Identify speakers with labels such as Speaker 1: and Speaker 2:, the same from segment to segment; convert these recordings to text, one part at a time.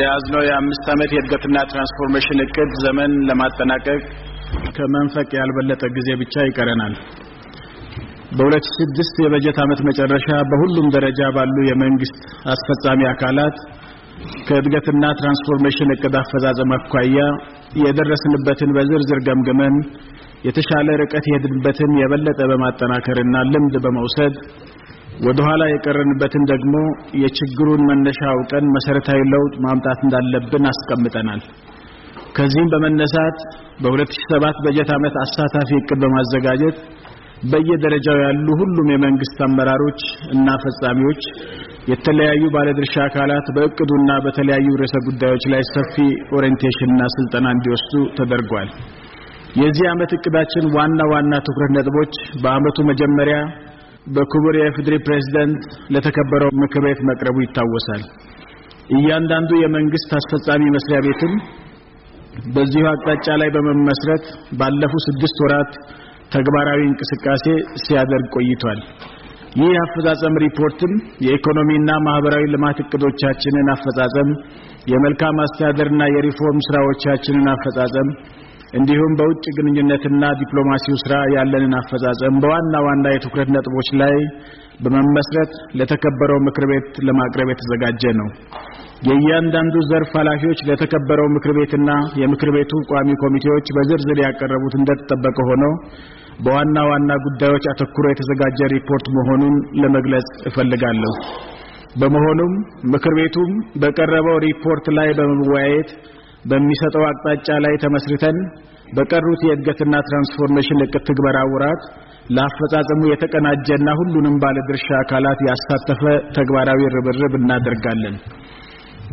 Speaker 1: የያዝነው የአምስት ዓመት የእድገትና ትራንስፎርሜሽን እቅድ ዘመን ለማጠናቀቅ ከመንፈቅ ያልበለጠ ጊዜ ብቻ ይቀረናል። በ2006 የበጀት ዓመት መጨረሻ በሁሉም ደረጃ ባሉ የመንግስት አስፈጻሚ አካላት ከእድገትና ትራንስፎርሜሽን እቅድ አፈጻጸም አኳያ የደረስንበትን በዝርዝር ገምግመን የተሻለ ርቀት የሄድንበትን የበለጠ በማጠናከርና ልምድ በመውሰድ ወደ ኋላ የቀረንበትን ደግሞ የችግሩን መነሻ አውቀን መሰረታዊ ለውጥ ማምጣት እንዳለብን አስቀምጠናል። ከዚህም በመነሳት በ2007 በጀት ዓመት አሳታፊ እቅድ በማዘጋጀት በየደረጃው ያሉ ሁሉም የመንግስት አመራሮች እና ፈጻሚዎች፣ የተለያዩ ባለድርሻ አካላት በእቅዱና በተለያዩ ርዕሰ ጉዳዮች ላይ ሰፊ ኦሪየንቴሽንና ስልጠና እንዲወስዱ ተደርጓል። የዚህ ዓመት እቅዳችን ዋና ዋና ትኩረት ነጥቦች በአመቱ መጀመሪያ በክቡር የፍድሪ ፕሬዝዳንት ለተከበረው ምክር ቤት መቅረቡ ይታወሳል። እያንዳንዱ የመንግስት አስፈጻሚ መስሪያ ቤትም በዚሁ አቅጣጫ ላይ በመመስረት ባለፉት ስድስት ወራት ተግባራዊ እንቅስቃሴ ሲያደርግ ቆይቷል። ይህ አፈጻጸም ሪፖርትም የኢኮኖሚና ማህበራዊ ልማት እቅዶቻችንን አፈጻጸም፣ የመልካም አስተዳደርና የሪፎርም ስራዎቻችንን አፈጻጸም እንዲሁም በውጭ ግንኙነትና ዲፕሎማሲው ስራ ያለንን አፈጻጸም በዋና ዋና የትኩረት ነጥቦች ላይ በመመስረት ለተከበረው ምክር ቤት ለማቅረብ የተዘጋጀ ነው። የእያንዳንዱ ዘርፍ ኃላፊዎች ለተከበረው ምክር ቤትና የምክር ቤቱ ቋሚ ኮሚቴዎች በዝርዝር ያቀረቡት እንደተጠበቀ ሆኖ በዋና ዋና ጉዳዮች አተኩሮ የተዘጋጀ ሪፖርት መሆኑን ለመግለጽ እፈልጋለሁ። በመሆኑም ምክር ቤቱም በቀረበው ሪፖርት ላይ በመወያየት በሚሰጠው አቅጣጫ ላይ ተመስርተን በቀሩት የእድገትና ትራንስፎርሜሽን እቅድ ትግበራ ውራት ለአፈጻጸሙ የተቀናጀና ሁሉንም ባለድርሻ አካላት ያሳተፈ ተግባራዊ ርብርብ እናደርጋለን።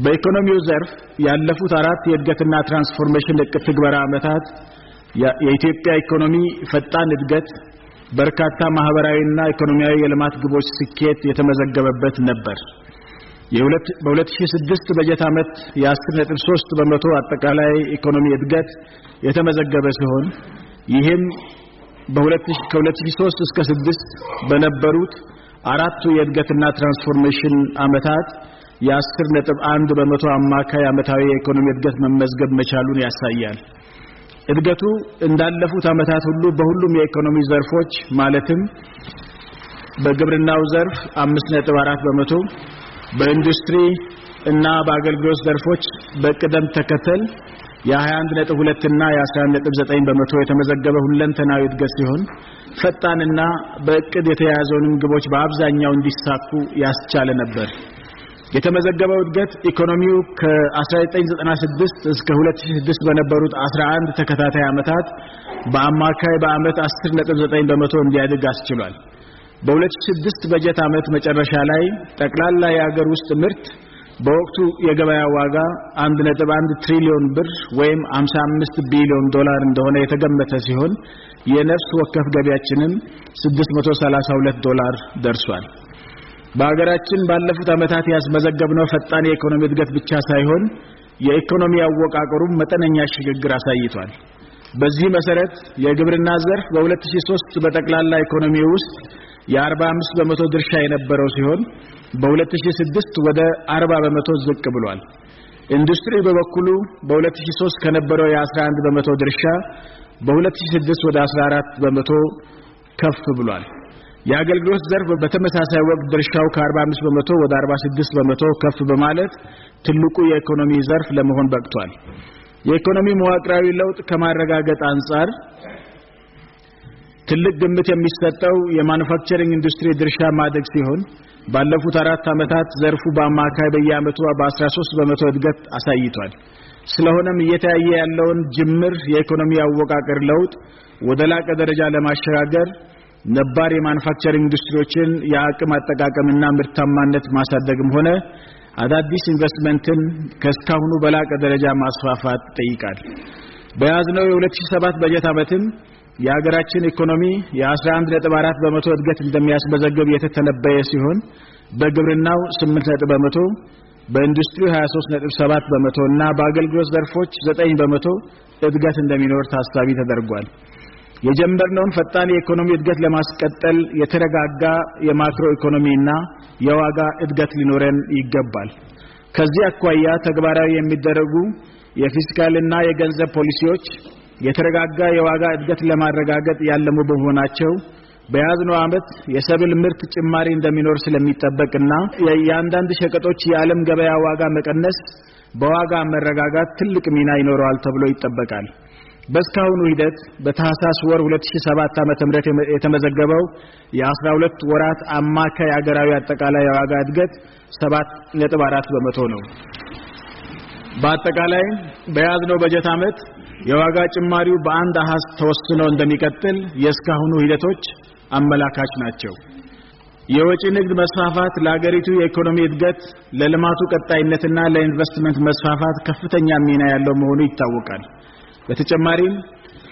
Speaker 1: በኢኮኖሚው ዘርፍ ያለፉት አራት የእድገትና ትራንስፎርሜሽን እቅድ ትግበራ ዓመታት የኢትዮጵያ ኢኮኖሚ ፈጣን እድገት፣ በርካታ ማህበራዊና ኢኮኖሚያዊ የልማት ግቦች ስኬት የተመዘገበበት ነበር። በ2006 በጀት ዓመት የ10.3 በመቶ አጠቃላይ ኢኮኖሚ እድገት የተመዘገበ ሲሆን ይህም ከ2003 እስከ 6 በነበሩት አራቱ የእድገትና ትራንስፎርሜሽን ዓመታት የ10.1 በመቶ አማካይ ዓመታዊ የኢኮኖሚ እድገት መመዝገብ መቻሉን ያሳያል። እድገቱ እንዳለፉት ዓመታት ሁሉ በሁሉም የኢኮኖሚ ዘርፎች ማለትም በግብርናው ዘርፍ 5.4 በመቶ በኢንዱስትሪ እና በአገልግሎት ዘርፎች በቅደም ተከተል የ21.2 እና የ11.9 በመቶ የተመዘገበ ሁለንተናዊ እድገት ሲሆን ፈጣንና በእቅድ የተያያዘውንም ግቦች በአብዛኛው እንዲሳኩ ያስቻለ ነበር። የተመዘገበው እድገት ኢኮኖሚው ከ1996 እስከ 2006 በነበሩት 11 ተከታታይ ዓመታት በአማካይ በአመት 10.9 በመቶ እንዲያድግ አስችሏል። በ2006 በጀት ዓመት መጨረሻ ላይ ጠቅላላ የአገር ውስጥ ምርት በወቅቱ የገበያ ዋጋ 1.1 ትሪሊዮን ብር ወይም 55 ቢሊዮን ዶላር እንደሆነ የተገመተ ሲሆን የነፍስ ወከፍ ገቢያችንም 632 ዶላር ደርሷል። በሀገራችን ባለፉት ዓመታት ያስመዘገብነው ፈጣን የኢኮኖሚ እድገት ብቻ ሳይሆን የኢኮኖሚ አወቃቀሩም መጠነኛ ሽግግር አሳይቷል። በዚህ መሰረት የግብርና ዘርፍ በ2003 በጠቅላላ ኢኮኖሚ ውስጥ የ45 በመቶ ድርሻ የነበረው ሲሆን በ2006 ወደ 40 በመቶ ዝቅ ብሏል። ኢንዱስትሪ በበኩሉ በ2003 ከነበረው የ11 በመቶ ድርሻ በ2006 ወደ 14 በመቶ ከፍ ብሏል። የአገልግሎት ዘርፍ በተመሳሳይ ወቅት ድርሻው ከ45 በመቶ ወደ 46 በመቶ ከፍ በማለት ትልቁ የኢኮኖሚ ዘርፍ ለመሆን በቅቷል። የኢኮኖሚ መዋቅራዊ ለውጥ ከማረጋገጥ አንጻር ትልቅ ግምት የሚሰጠው የማኑፋክቸሪንግ ኢንዱስትሪ ድርሻ ማደግ ሲሆን ባለፉት አራት ዓመታት ዘርፉ በአማካይ በየዓመቱ በ13 በመቶ እድገት አሳይቷል። ስለሆነም እየተያየ ያለውን ጅምር የኢኮኖሚ አወቃቀር ለውጥ ወደ ላቀ ደረጃ ለማሸጋገር ነባር የማኑፋክቸሪንግ ኢንዱስትሪዎችን የአቅም አጠቃቀምና ምርታማነት ማሳደግም ሆነ አዳዲስ ኢንቨስትመንትን ከእስካሁኑ በላቀ ደረጃ ማስፋፋት ጠይቃል። በያዝነው የ2007 በጀት ዓመትም የሀገራችን ኢኮኖሚ የ11.4 በመቶ እድገት እንደሚያስመዘግብ የተተነበየ ሲሆን በግብርናው 8 በመቶ በኢንዱስትሪ 23.7 በመቶ እና በአገልግሎት ዘርፎች 9 በመቶ እድገት እንደሚኖር ታሳቢ ተደርጓል። የጀመርነውን ፈጣን የኢኮኖሚ እድገት ለማስቀጠል የተረጋጋ የማክሮ ኢኮኖሚና የዋጋ እድገት ሊኖረን ይገባል። ከዚህ አኳያ ተግባራዊ የሚደረጉ የፊስካልና የገንዘብ ፖሊሲዎች የተረጋጋ የዋጋ እድገት ለማረጋገጥ ያለሙ በመሆናቸው በያዝነው ዓመት የሰብል ምርት ጭማሪ እንደሚኖር ስለሚጠበቅና የአንዳንድ ሸቀጦች የዓለም ገበያ ዋጋ መቀነስ በዋጋ መረጋጋት ትልቅ ሚና ይኖረዋል ተብሎ ይጠበቃል። በእስካሁኑ ሂደት በታህሳስ ወር 2007 ዓ.ም የተመዘገበው የ12 ወራት አማካይ አገራዊ አጠቃላይ የዋጋ እድገት 7.4 በመቶ ነው። በአጠቃላይ በያዝነው በጀት ዓመት የዋጋ ጭማሪው በአንድ አሃዝ ተወስኖ እንደሚቀጥል የእስካሁኑ ሂደቶች አመላካች ናቸው። የወጪ ንግድ መስፋፋት ለሀገሪቱ የኢኮኖሚ እድገት፣ ለልማቱ ቀጣይነትና ለኢንቨስትመንት መስፋፋት ከፍተኛ ሚና ያለው መሆኑ ይታወቃል። በተጨማሪም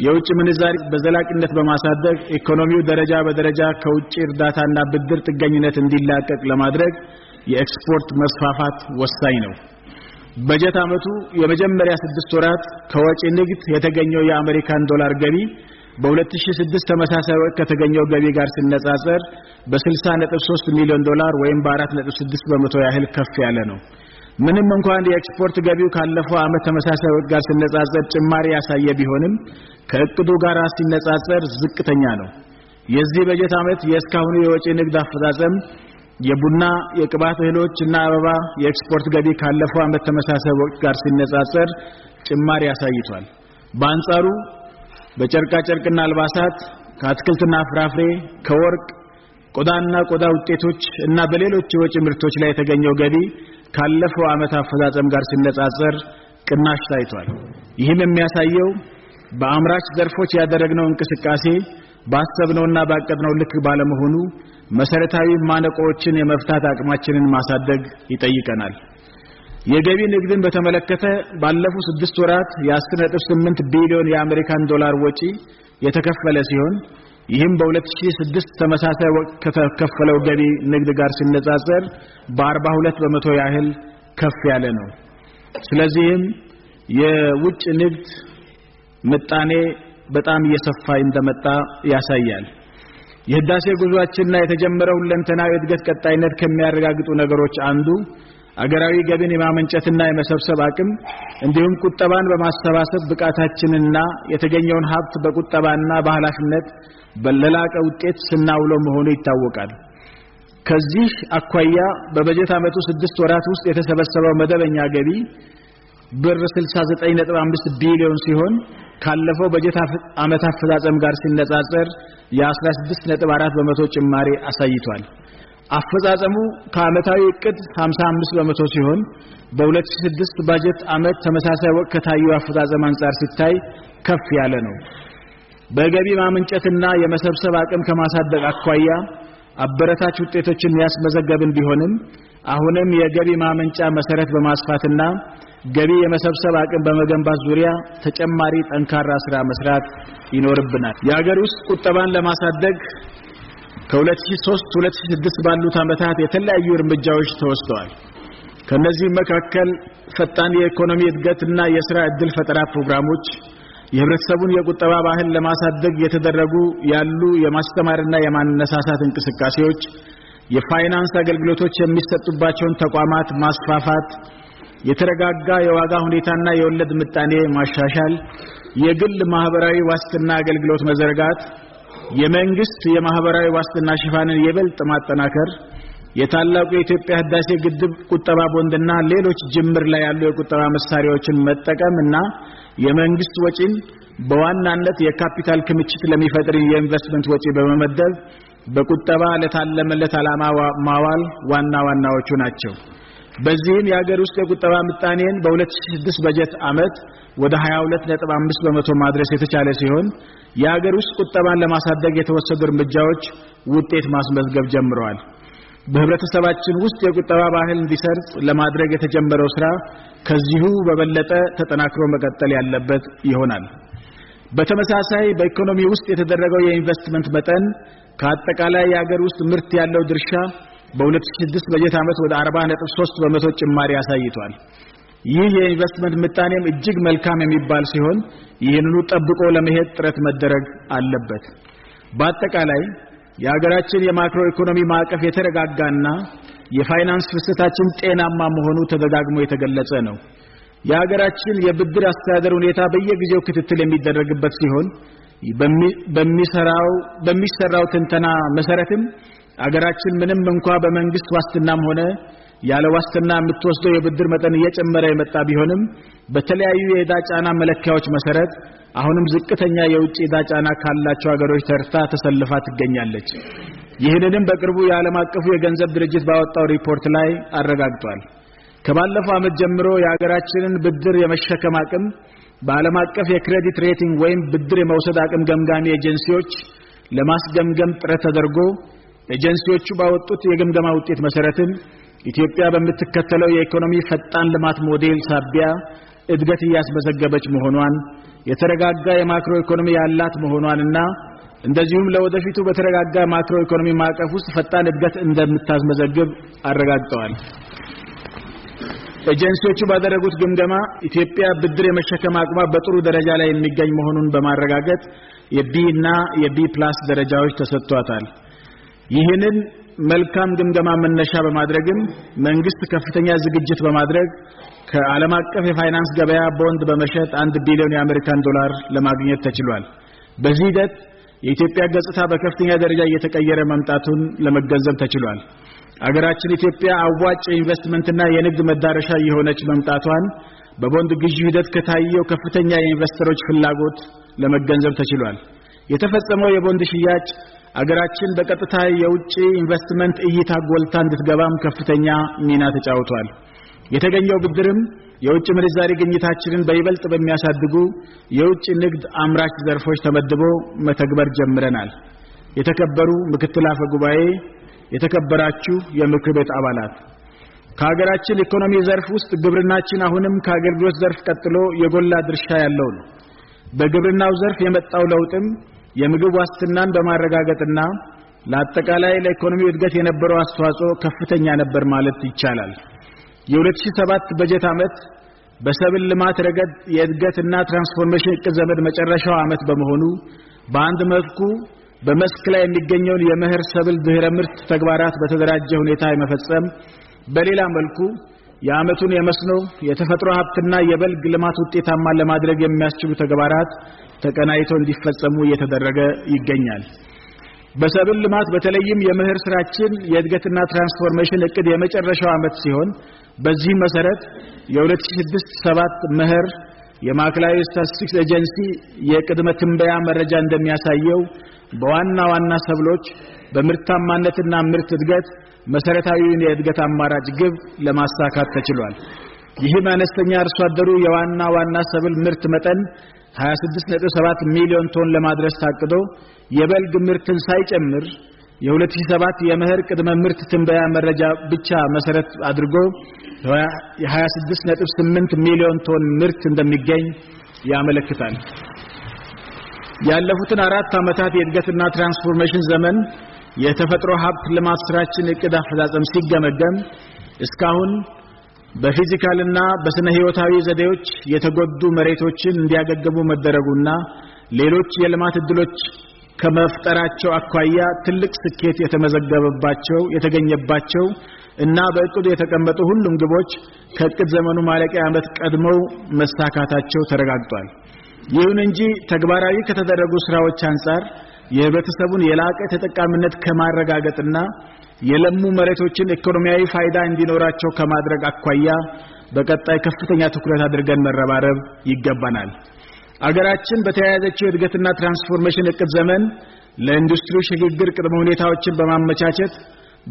Speaker 1: የውጭ ምንዛሪ በዘላቂነት በማሳደግ ኢኮኖሚው ደረጃ በደረጃ ከውጭ እርዳታና ብድር ጥገኝነት እንዲላቀቅ ለማድረግ የኤክስፖርት መስፋፋት ወሳኝ ነው። በጀት አመቱ የመጀመሪያ ስድስት ወራት ከወጪ ንግድ የተገኘው የአሜሪካን ዶላር ገቢ በ2006 ተመሳሳይ ወቅት ከተገኘው ገቢ ጋር ሲነጻጸር በ60.3 ሚሊዮን ዶላር ወይም በ4.6 በመቶ ያህል ከፍ ያለ ነው። ምንም እንኳን የኤክስፖርት ገቢው ካለፈው አመት ተመሳሳይ ወቅት ጋር ሲነጻጸር ጭማሪ ያሳየ ቢሆንም ከእቅዱ ጋር ሲነጻጸር ዝቅተኛ ነው። የዚህ በጀት አመት የእስካሁኑ የወጪ ንግድ አፈጻጸም የቡና የቅባት እህሎች እና አበባ የኤክስፖርት ገቢ ካለፈው ዓመት ተመሳሳይ ወቅት ጋር ሲነጻጸር ጭማሪ አሳይቷል። በአንጻሩ በጨርቃ ጨርቅና አልባሳት፣ ከአትክልትና ፍራፍሬ፣ ከወርቅ፣ ቆዳና ቆዳ ውጤቶች እና በሌሎች የወጪ ምርቶች ላይ የተገኘው ገቢ ካለፈው ዓመት አፈጻጸም ጋር ሲነጻጸር ቅናሽ ታይቷል። ይህም የሚያሳየው በአምራች ዘርፎች ያደረግነው እንቅስቃሴ ባሰብነውና ባቀድነው ልክ ባለመሆኑ መሰረታዊ ማነቆዎችን የመፍታት አቅማችንን ማሳደግ ይጠይቀናል። የገቢ ንግድን በተመለከተ ባለፉት ስድስት ወራት የ10.8 ቢሊዮን የአሜሪካን ዶላር ወጪ የተከፈለ ሲሆን ይህም በ2006 ተመሳሳይ ወቅት ከተከፈለው ገቢ ንግድ ጋር ሲነጻጸር በ42 በመቶ ያህል ከፍ ያለ ነው። ስለዚህም የውጭ ንግድ ምጣኔ በጣም እየሰፋ እንደመጣ ያሳያል። የህዳሴ ጉዟችንና የተጀመረው ሁለንተናዊ እድገት ቀጣይነት ከሚያረጋግጡ ነገሮች አንዱ አገራዊ ገቢን የማመንጨትና የመሰብሰብ አቅም እንዲሁም ቁጠባን በማሰባሰብ ብቃታችንና የተገኘውን ሀብት በቁጠባና በኃላፊነት በለላቀ ውጤት ስናውለው መሆኑ ይታወቃል። ከዚህ አኳያ በበጀት ዓመቱ ስድስት ወራት ውስጥ የተሰበሰበው መደበኛ ገቢ ብር 69.5 ቢሊዮን ሲሆን ካለፈው በጀት ዓመት አፈጻጸም ጋር ሲነጻጸር የ16.4 በመቶ ጭማሪ አሳይቷል። አፈጻጸሙ ከዓመታዊ እቅድ 55 በመቶ ሲሆን በ2006 ባጀት ዓመት ተመሳሳይ ወቅት ከታየው አፈጻጸም አንጻር ሲታይ ከፍ ያለ ነው። በገቢ ማመንጨትና የመሰብሰብ አቅም ከማሳደግ አኳያ አበረታች ውጤቶችን ያስመዘገብን ቢሆንም አሁንም የገቢ ማመንጫ መሰረት በማስፋትና ገቢ የመሰብሰብ አቅም በመገንባት ዙሪያ ተጨማሪ ጠንካራ ስራ መስራት ይኖርብናል። የሀገር ውስጥ ቁጠባን ለማሳደግ ከ2003 2006 ባሉት ዓመታት የተለያዩ እርምጃዎች ተወስደዋል። ከእነዚህም መካከል ፈጣን የኢኮኖሚ እድገትና የስራ ዕድል ፈጠራ ፕሮግራሞች፣ የህብረተሰቡን የቁጠባ ባህል ለማሳደግ የተደረጉ ያሉ የማስተማርና የማነሳሳት እንቅስቃሴዎች፣ የፋይናንስ አገልግሎቶች የሚሰጡባቸውን ተቋማት ማስፋፋት የተረጋጋ የዋጋ ሁኔታና የወለድ ምጣኔ ማሻሻል፣ የግል ማህበራዊ ዋስትና አገልግሎት መዘርጋት፣ የመንግስት የማህበራዊ ዋስትና ሽፋንን የበልጥ ማጠናከር፣ የታላቁ የኢትዮጵያ ህዳሴ ግድብ ቁጠባ ቦንድና ሌሎች ጅምር ላይ ያሉ የቁጠባ መሳሪያዎችን መጠቀም እና የመንግስት ወጪን በዋናነት የካፒታል ክምችት ለሚፈጥር የኢንቨስትመንት ወጪ በመመደብ በቁጠባ ለታለመለት ዓላማ ማዋል ዋና ዋናዎቹ ናቸው። በዚህም የሀገር ውስጥ የቁጠባ ምጣኔን በ2006 በጀት ዓመት ወደ 22.5 በመቶ ማድረስ የተቻለ ሲሆን የሀገር ውስጥ ቁጠባን ለማሳደግ የተወሰዱ እርምጃዎች ውጤት ማስመዝገብ ጀምረዋል። በህብረተሰባችን ውስጥ የቁጠባ ባህል እንዲሰርጽ ለማድረግ የተጀመረው ስራ ከዚሁ በበለጠ ተጠናክሮ መቀጠል ያለበት ይሆናል። በተመሳሳይ በኢኮኖሚ ውስጥ የተደረገው የኢንቨስትመንት መጠን ከአጠቃላይ የሀገር ውስጥ ምርት ያለው ድርሻ በ2006 በጀት ዓመት ወደ 40.3 በመቶ ጭማሪ አሳይቷል። ይህ የኢንቨስትመንት ምጣኔም እጅግ መልካም የሚባል ሲሆን ይህንኑ ጠብቆ ለመሄድ ጥረት መደረግ አለበት። በአጠቃላይ የሀገራችን የማክሮ ኢኮኖሚ ማዕቀፍ የተረጋጋና የፋይናንስ ፍሰታችን ጤናማ መሆኑ ተደጋግሞ የተገለጸ ነው። የሀገራችን የብድር አስተዳደር ሁኔታ በየጊዜው ክትትል የሚደረግበት ሲሆን በሚሰራው ትንተና መሰረትም አገራችን ምንም እንኳ በመንግስት ዋስትናም ሆነ ያለ ዋስትና የምትወስደው የብድር መጠን እየጨመረ የመጣ ቢሆንም በተለያዩ የዕዳ ጫና መለኪያዎች መሰረት አሁንም ዝቅተኛ የውጭ ዕዳ ጫና ካላቸው ሀገሮች ተርታ ተሰልፋ ትገኛለች። ይህንንም በቅርቡ የዓለም አቀፉ የገንዘብ ድርጅት ባወጣው ሪፖርት ላይ አረጋግጧል። ከባለፈው ዓመት ጀምሮ የሀገራችንን ብድር የመሸከም አቅም በዓለም አቀፍ የክሬዲት ሬቲንግ ወይም ብድር የመውሰድ አቅም ገምጋሚ ኤጀንሲዎች ለማስገምገም ጥረት ተደርጎ ኤጀንሲዎቹ ባወጡት የግምገማ ውጤት መሰረትም ኢትዮጵያ በምትከተለው የኢኮኖሚ ፈጣን ልማት ሞዴል ሳቢያ እድገት እያስመዘገበች መሆኗን የተረጋጋ የማክሮ ኢኮኖሚ ያላት መሆኗንና እንደዚሁም ለወደፊቱ በተረጋጋ ማክሮ ኢኮኖሚ ማዕቀፍ ውስጥ ፈጣን እድገት እንደምታስመዘግብ አረጋግጠዋል። ኤጀንሲዎቹ ባደረጉት ግምገማ ኢትዮጵያ ብድር የመሸከም አቅሟ በጥሩ ደረጃ ላይ የሚገኝ መሆኑን በማረጋገጥ የቢ እና የቢ ፕላስ ደረጃዎች ተሰጥቷታል። ይህንን መልካም ግምገማ መነሻ በማድረግም መንግስት ከፍተኛ ዝግጅት በማድረግ ከዓለም አቀፍ የፋይናንስ ገበያ ቦንድ በመሸጥ አንድ ቢሊዮን የአሜሪካን ዶላር ለማግኘት ተችሏል። በዚህ ሂደት የኢትዮጵያ ገጽታ በከፍተኛ ደረጃ እየተቀየረ መምጣቱን ለመገንዘብ ተችሏል። አገራችን ኢትዮጵያ አዋጭ የኢንቨስትመንትና የንግድ መዳረሻ የሆነች መምጣቷን በቦንድ ግዢ ሂደት ከታየው ከፍተኛ የኢንቨስተሮች ፍላጎት ለመገንዘብ ተችሏል። የተፈጸመው የቦንድ ሽያጭ አገራችን በቀጥታ የውጭ ኢንቨስትመንት እይታ ጎልታ እንድትገባም ከፍተኛ ሚና ተጫውቷል። የተገኘው ብድርም የውጭ ምንዛሪ ግኝታችንን በይበልጥ በሚያሳድጉ የውጭ ንግድ አምራች ዘርፎች ተመድቦ መተግበር ጀምረናል። የተከበሩ ምክትል አፈ ጉባኤ፣ የተከበራችሁ የምክር ቤት አባላት፣ ከሀገራችን ኢኮኖሚ ዘርፍ ውስጥ ግብርናችን አሁንም ከአገልግሎት ዘርፍ ቀጥሎ የጎላ ድርሻ ያለው ነው። በግብርናው ዘርፍ የመጣው ለውጥም የምግብ ዋስትናን በማረጋገጥና ለአጠቃላይ ለኢኮኖሚው እድገት የነበረው አስተዋጽኦ ከፍተኛ ነበር ማለት ይቻላል። የ2007 በጀት ዓመት በሰብል ልማት ረገድ የእድገትና ትራንስፎርሜሽን እቅድ ዘመድ መጨረሻው ዓመት በመሆኑ በአንድ መልኩ በመስክ ላይ የሚገኘውን የመኸር ሰብል ድህረ ምርት ተግባራት በተደራጀ ሁኔታ የመፈጸም በሌላ መልኩ የዓመቱን የመስኖ የተፈጥሮ ሀብትና የበልግ ልማት ውጤታማ ለማድረግ የሚያስችሉ ተግባራት ተቀናይቶ እንዲፈጸሙ እየተደረገ ይገኛል። በሰብል ልማት በተለይም የምህር ስራችን የእድገትና ትራንስፎርሜሽን እቅድ የመጨረሻው ዓመት ሲሆን በዚህ መሰረት የ2006/7 ምህር የማዕከላዊ ስታቲስቲክስ ኤጀንሲ የቅድመ ትንበያ መረጃ እንደሚያሳየው በዋና ዋና ሰብሎች በምርታማነትና ምርት እድገት መሰረታዊውን የእድገት አማራጭ ግብ ለማሳካት ተችሏል። ይህም አነስተኛ አርሶ አደሩ የዋና ዋና ሰብል ምርት መጠን 26.7 ሚሊዮን ቶን ለማድረስ ታቅዶ የበልግ ምርትን ሳይጨምር የ2007 የመኸር ቅድመ ምርት ትንበያ መረጃ ብቻ መሰረት አድርጎ የ26.8 ሚሊዮን ቶን ምርት እንደሚገኝ ያመለክታል። ያለፉትን አራት ዓመታት የእድገትና ትራንስፎርሜሽን ዘመን የተፈጥሮ ሀብት ልማት ስራችን እቅድ አፈጻጸም ሲገመገም እስካሁን በፊዚካልና በስነ ህይወታዊ ዘዴዎች የተጎዱ መሬቶችን እንዲያገገሙ መደረጉና ሌሎች የልማት እድሎች ከመፍጠራቸው አኳያ ትልቅ ስኬት የተመዘገበባቸው የተገኘባቸው እና በእቅዱ የተቀመጡ ሁሉም ግቦች ከእቅድ ዘመኑ ማለቂያ ዓመት ቀድመው መሳካታቸው ተረጋግጧል። ይሁን እንጂ ተግባራዊ ከተደረጉ ስራዎች አንጻር የህብረተሰቡን የላቀ ተጠቃሚነት ከማረጋገጥና የለሙ መሬቶችን ኢኮኖሚያዊ ፋይዳ እንዲኖራቸው ከማድረግ አኳያ በቀጣይ ከፍተኛ ትኩረት አድርገን መረባረብ ይገባናል። አገራችን በተያያዘችው የእድገትና ትራንስፎርሜሽን እቅድ ዘመን ለኢንዱስትሪ ሽግግር ቅድመ ሁኔታዎችን በማመቻቸት